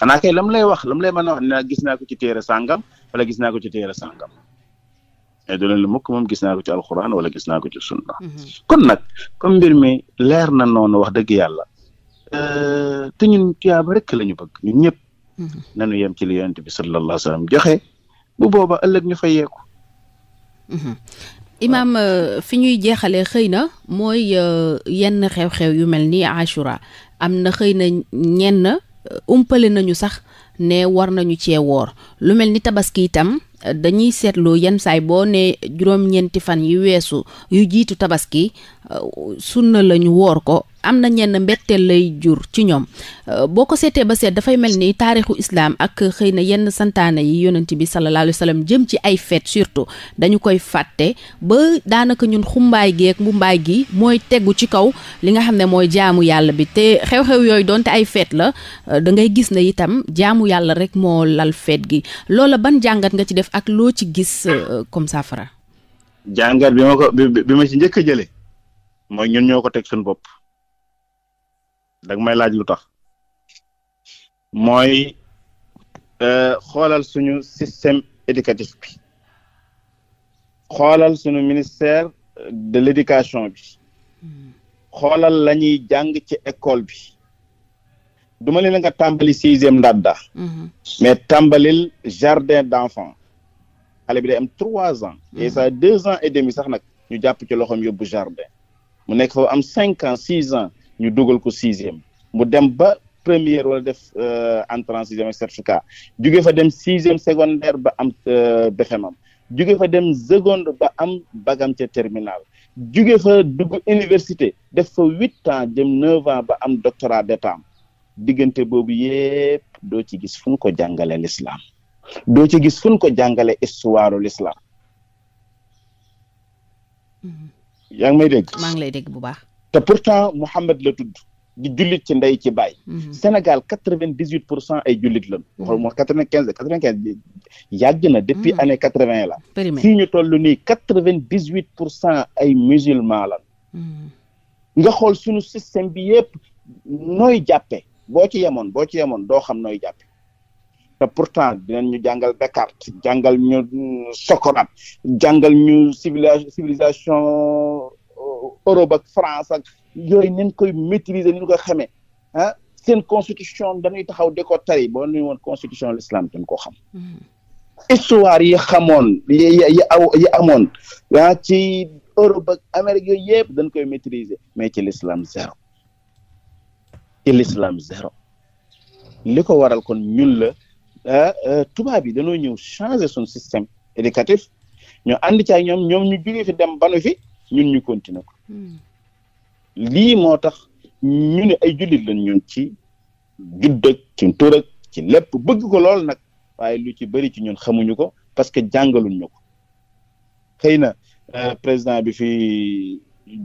xanaa kay lam lay wax lam lay man a wax ne gis naa ko ci téere sàngam wala gis naa ko ci téere sàngam mais eh, du leen la mukk moom gis naa ko ci alxuraan wala gis naa ko ci sunna hmm. kon nag comme mbir mi leer na noonu wax dëgg yàlla euh, te ñun tuyaaba rek lañu ñu bëgg ñun ñëpp. Hmm. nañu yem ci li yonent bi sallallahu alayhi wa joxe. bu booba ëllëg ñu fa yeeku. Mhm. imaam euh, fi ñuy jeexalee xëy na mooy euh, yenn xew-xew yu mel ni Ashura am na xëy na ñenn euh, umpale nañu sax ne war nañu cee woor lu mel ni tabaski itam dañuy seetlu yenn saay boo ne juróom-ñeenti fan yi weesu yu jiitu tabaski sunna lañu woor ko am na ñenn mbetteel lay jur ci ñoom euh, boo ko seetee ba seet dafay mel ni taarixu islaam ak xëy na yenn santaane yi yonent bi sallallahu alayhi wa sallam jëm ci ay fête surtout dañu koy fàtte ba daanaka ñun xumbaay gi ak gi mooy tegu ci kaw li nga xam ne mooy jaamu yàlla bi te xew-xew yooyu doonte ay fête la euh, da ngay gis ne itam jaamu yàlla rek moo lal fête gi loola ban jàngat nga ci def ak loo ci gis euh, comme saafara jàngat bi ma ko bi ma ci njëkk jële mooy ñun ñoo ko teg suñu bopp danga may laaj lu tax mooy euh, xoolal suñu système éducatif bi xoolal suñu ministère de l'éducation bi xoolal la ñuy jàng ci école bi duma leen nga tàmbali sixième ndadda mm-hmm. mais tàmbalil jardin d'enfants xale bi day am trois ans mm-hmm. et ça deux ans et demi sax nag ñu jàpp ci loxoom yóbbu jardin mu nekk foofu am cinq ans six ans ñu dugal ko sixième mu dem ba première wala def euh, en transition ak certificat jóge fa dem sixième secondaire ba am euh, BFEMam jóge fa dem seconde ba am bagam ca terminal jóge fa dugg université def fa huit ans jëm neuf ans ba am doctorat d'état diggante boobu yépp doo ci gis fu ko jàngale l'islam doo ci gis fu ko jàngale histoire l'islam mm-hmm. yaa ngi may dégg. maa ngi lay dégg bu baax. te pourtant Mouhamed la tudd di jullit ci ndey ci baay. Mhm. Sénégal quatre vingt dix huit pour cent ay jullit lañ. waxal ma na depuis mhm. année quatre vingt la. fii ñu toll nii quatre vingt dix huit pour cent ay musulman lañ. Mhm. nga xool suñu système bi yëpp nooy jàppe boo ci yemoon boo ci yemoon doo xam nooy jàppe te pourtant dinañ ñu jàngal Descartes jàngal ñu Socrate jàngal ñu civilisation. Europe ak France ak yooyu nañ koy maîtriser nañ ko xamee ah seen constitution dañuy taxaw di ko tari boo nuy woon constitution l'islam dañ ko xam mm-hmm. histoire yi xamoon yi yi aw yi amoon ah ci Europe ak Amérique yooyu yëpp dañ koy maîtriser mais ci l'islam zéro ci l'islam zéro li ko waral kon ñun la ah, euh, tubaab yi dañoo ñëw changer suñu système éducatif ñu ànd ci ñoom ñoom ñu jógee fi dem banu fi ñun ñu continuer lii moo tax ñu ne ay jullit lañ ñun ci judd ci tur ci lépp bëgg ko lool nag waaye lu ci bari ci ñun xamuñu ko parce que jàngaluñu ko xëy na euh, président bi fi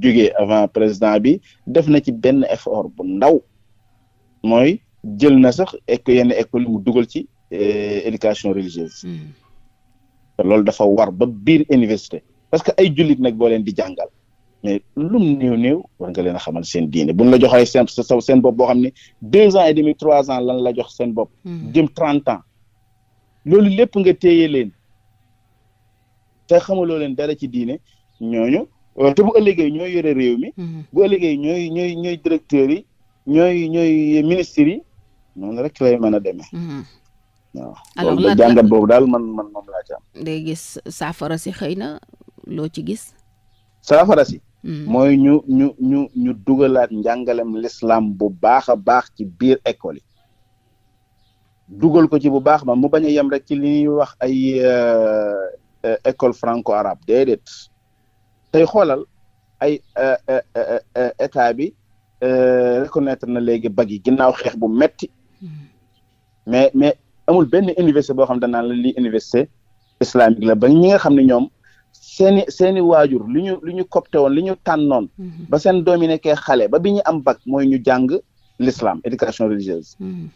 jóge avant président bi def na ci benn effort bu ndaw mooy jël na sax éco yenn école mu dugal ci euh, éducation religieuse. Hmm. te loolu dafa war ba biir université parce que ay jullit nag boo leen di jàngal. mais lu néew néew war nga leen a xamal seen diine buñ la joxee seen seen bopp boo xam ne deux ans et demi trois ans lan la jox seen bopp hmm. jëm trente loolu lépp nga téye leen te xamaloo leen dara ci diine ñooñu euh, te bu ëllëgee ñooy yore réew mi hmm. bu ëllëgee ñooy ñooy ñooy yi ñooy ñooy ministres yi noonu rek lay mën a demee hmm. waaw alors la jàngat boobu daal man man moom laa saafara si xëy na loo ci gis saafara si Mm-hmm. mooy ñu ñu ñu ñu dugalaat njàngalem l'islam bu baax a baax ci biir école yi dugal ko ci bu baax ma mu bañ a yem rek ci li ñuy wax ay euh, euh, école franco arabe déedéet tey xoolal ay euh, état bi reconnaître na léegi bag yi ginnaaw xeex bu metti mm-hmm. mais mais amul benn université boo xam danaan la lii université islamique la ba ñi nga xam ne ñoom seeni seeni waajur lu ñu li ñu copté woon li ñu tànnoon. Mhm. ba seen doom yi nekkee xale ba bi ñu am bac mooy ñu jàng l'islam éducation religieuse. Mhm.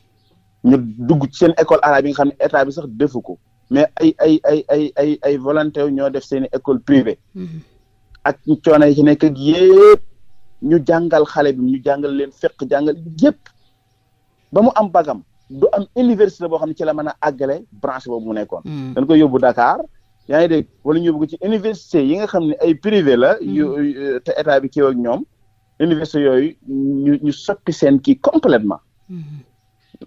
ñu dugg ci seen école arabe yi nga xam ne état bi sax defu ko mais ay ay ay ay ay ay volontaires ñoo def seeni école privée. Mhm. ak coona yi ci nekk ak ñu jàngal xale bi ñu jàngal leen fekk jàngal yépp ba mu am bagam du am université boo xam ne ci la mën a àggale branche boobu mu nekkoon. dañ koy yóbbu Dakar. yaa ngi dégg wala ñu yóbbu ci université yi nga xam ne ay privé la. Hmm. yu te état bi kii ak ñoom. université yooyu ñu ñu soppi seen kii complètement hmm.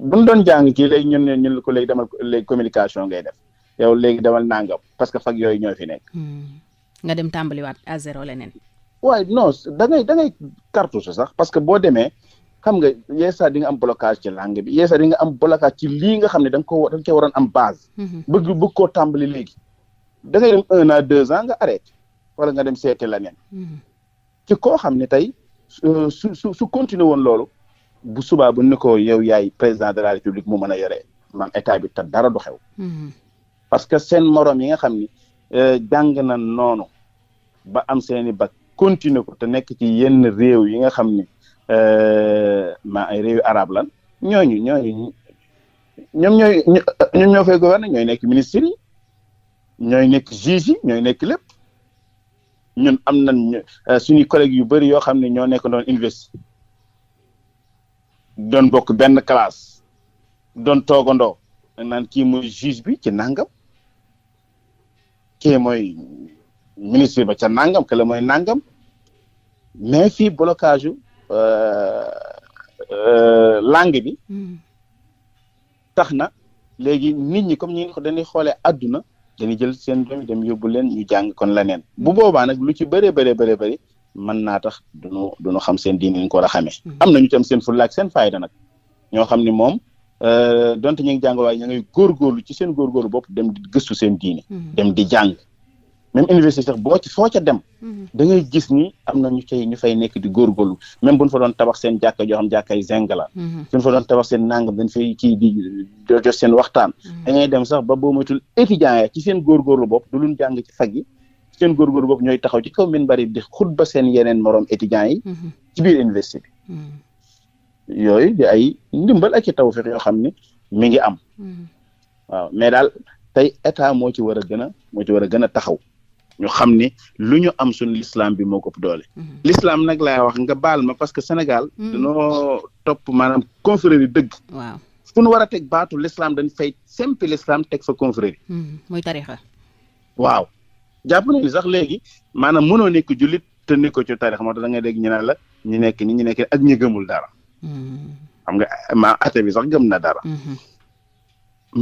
bu ñu doon jàng kii léegi ñun ñun ko léegi demal léegi communication ngay def yow léegi demal nangam parce que fag yooyu ñoo fi nekk. Hmm. nga dem tàmbaliwaat à zéro leneen. waaye non da ngay da ngay cartouche sax parce que boo demee xam nga yeesa di nga am blocage ci langue bi yeesa di nga am blocage ci lii nga xam ne da nga ko da nga cee am base. bëgg koo tàmbali léegi. da ngay dem un an deux ans nga arrêté wala nga dem seeti leneen hmm. ci koo xam ne tey euh, su su su continuer woon loolu bu subaa bu ne ko yow yaay président de la république mu mën a yore maam état bi te dara du xew hmm. parce que seen morom yi nga xam ni euh, jàng na noonu ba am seeni bac continuer ko te nekk ci yenn réew yi nga xam ni euh, ma ay réew arab lan ñooñu ñooñu ñoom ñooy ñoom ñoo ñooy nekk ministres ñooy nekk juge yi ñooy nekk lépp ñun am nañ euh, suñu collègues yu bëri yoo xam ne ñoo nekk doon université don bokk benn classe doon toogandoo naan kii mooy juge bi ci nangam kii mooy ministre ba ca nangam kële mooy nangam mais fii blocage euh, euh, langue bi hmm. tax na léegi nit ñi comme ñi dañuy xoolee àdduna dañuy jël seen doom dem yóbbu leen ñu jàng kon leneen bu boobaa nag lu ci bëree bëree bëree bëri mën naa tax duñu duñu xam seen diine ñu ko a xamee hmm. am nañu tam seen fulla ak seen fayda nag ñoo xam ni moom euh, donte ñu ngi jàng waaye ña ngay lu ci seen góorgóorlu bopp dem di gëstu seen diini hmm. dem di jàng même université sax boo ci foo ca dem. Mhm. da ngay gis ni am na ñu cay ñu fay nekk di góor góorgóorlu même bu ñu fa doon tabax seen jàkka joo xam jàkkay zeng la. Mhm. bu ñu fa doon tabax seen nangam dañ fay ci di seen waxtaan. Mhm. da ngay dem sax ba boo moytul étudiants ya ci seen góorgóorlu bopp du luñ jàng ci fag yi. ci seen góorgóorlu bopp ñooy taxaw ci kaw min bari di ba seen yeneen morom étudiants yi. ci biir université yooyu di ay ndimbal ak ci taw tawfeex yoo xam ne mi ngi am. waaw mais daal tey état moo ci war a gën a moo ci war a gën a taxaw. ñu xam ni lu ñu am suñu l'islam bi moo ko ëpp doole. Mhm. l'islam nag laa wax nga baal ma parce que Sénégal. Mhm. dañoo topp maanaam confrérie dëgg. waaw fu nu war a teg baatu l'islam dañ fay simple l'islam teg fa confrérie. Mhm. muy tarixa waaw jàpp na ni sax léegi maanaam mënoo nekk jullit te nekk ci tarix moo tax da ngay dégg la ñu nekk ni ñu dara. xam nga ma athée bi sax gëm na dara.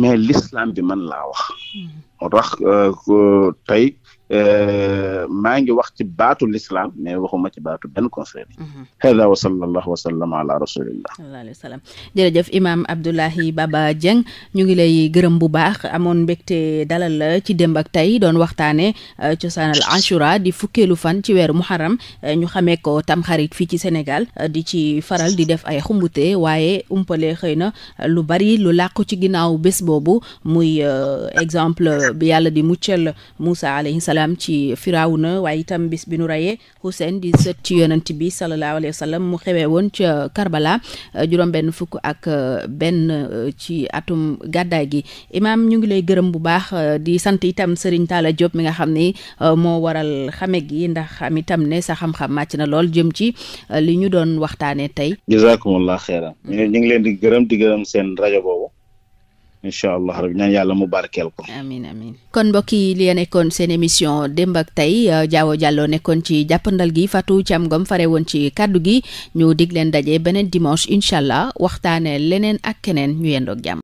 mais l'islam bi man laa wax. moo euh, tey. Euh, maa ngi wax ci baatu l'islam mais waxuma ci baatu benn confrère yi mhm. hada wa sallallahu wa sallam ala rasulillah sallallahu alayhi wa ñu ngi lay gërëm bu baax amoon mbégte dalal la ci démb ak tey doon waxtaane euh, cosaanal Ashura di fukkeelu fan ci weeru muharram euh, ñu xamee ko tamxarit fii ci Sénégal di ci faral di def ay xumbute waaye xëy na lu bari lu làqu ci ginnaaw bés boobu muy exemple bi lislaam ci na waaye itam bis bi nu rayee Hussein di sët ci yonent bi sallallahu alayhi wa sallam mu xewee woon ca Karbala euh, juróom-benn fukk ak euh, benn euh, ci atum gàddaay gi imaam ñu ngi lay gërëm bu baax di sant itam Serigne Talla Diop mi nga xam ni moo waral xame gi ndax am itam ne sa xam-xam màcc na lool jëm ci li ñu doon waxtaanee tey. jazaakumullah xeyran mm. ñu ngi leen di gërëm di gërëm seen rajo boobu. incha allah rek ñaan yàlla mu barkeel ko. amiin amiin kon mbokk yi li nekkoon seen émission démb ak tey euh, Diawo Diallo nekkoon ci jàppandal gi Fatou Thiam Ngom fare woon ci kàddu gi ñu dig leen daje beneen dimanche incha allah waxtaane leneen ak keneen ñu yendoog jàmm.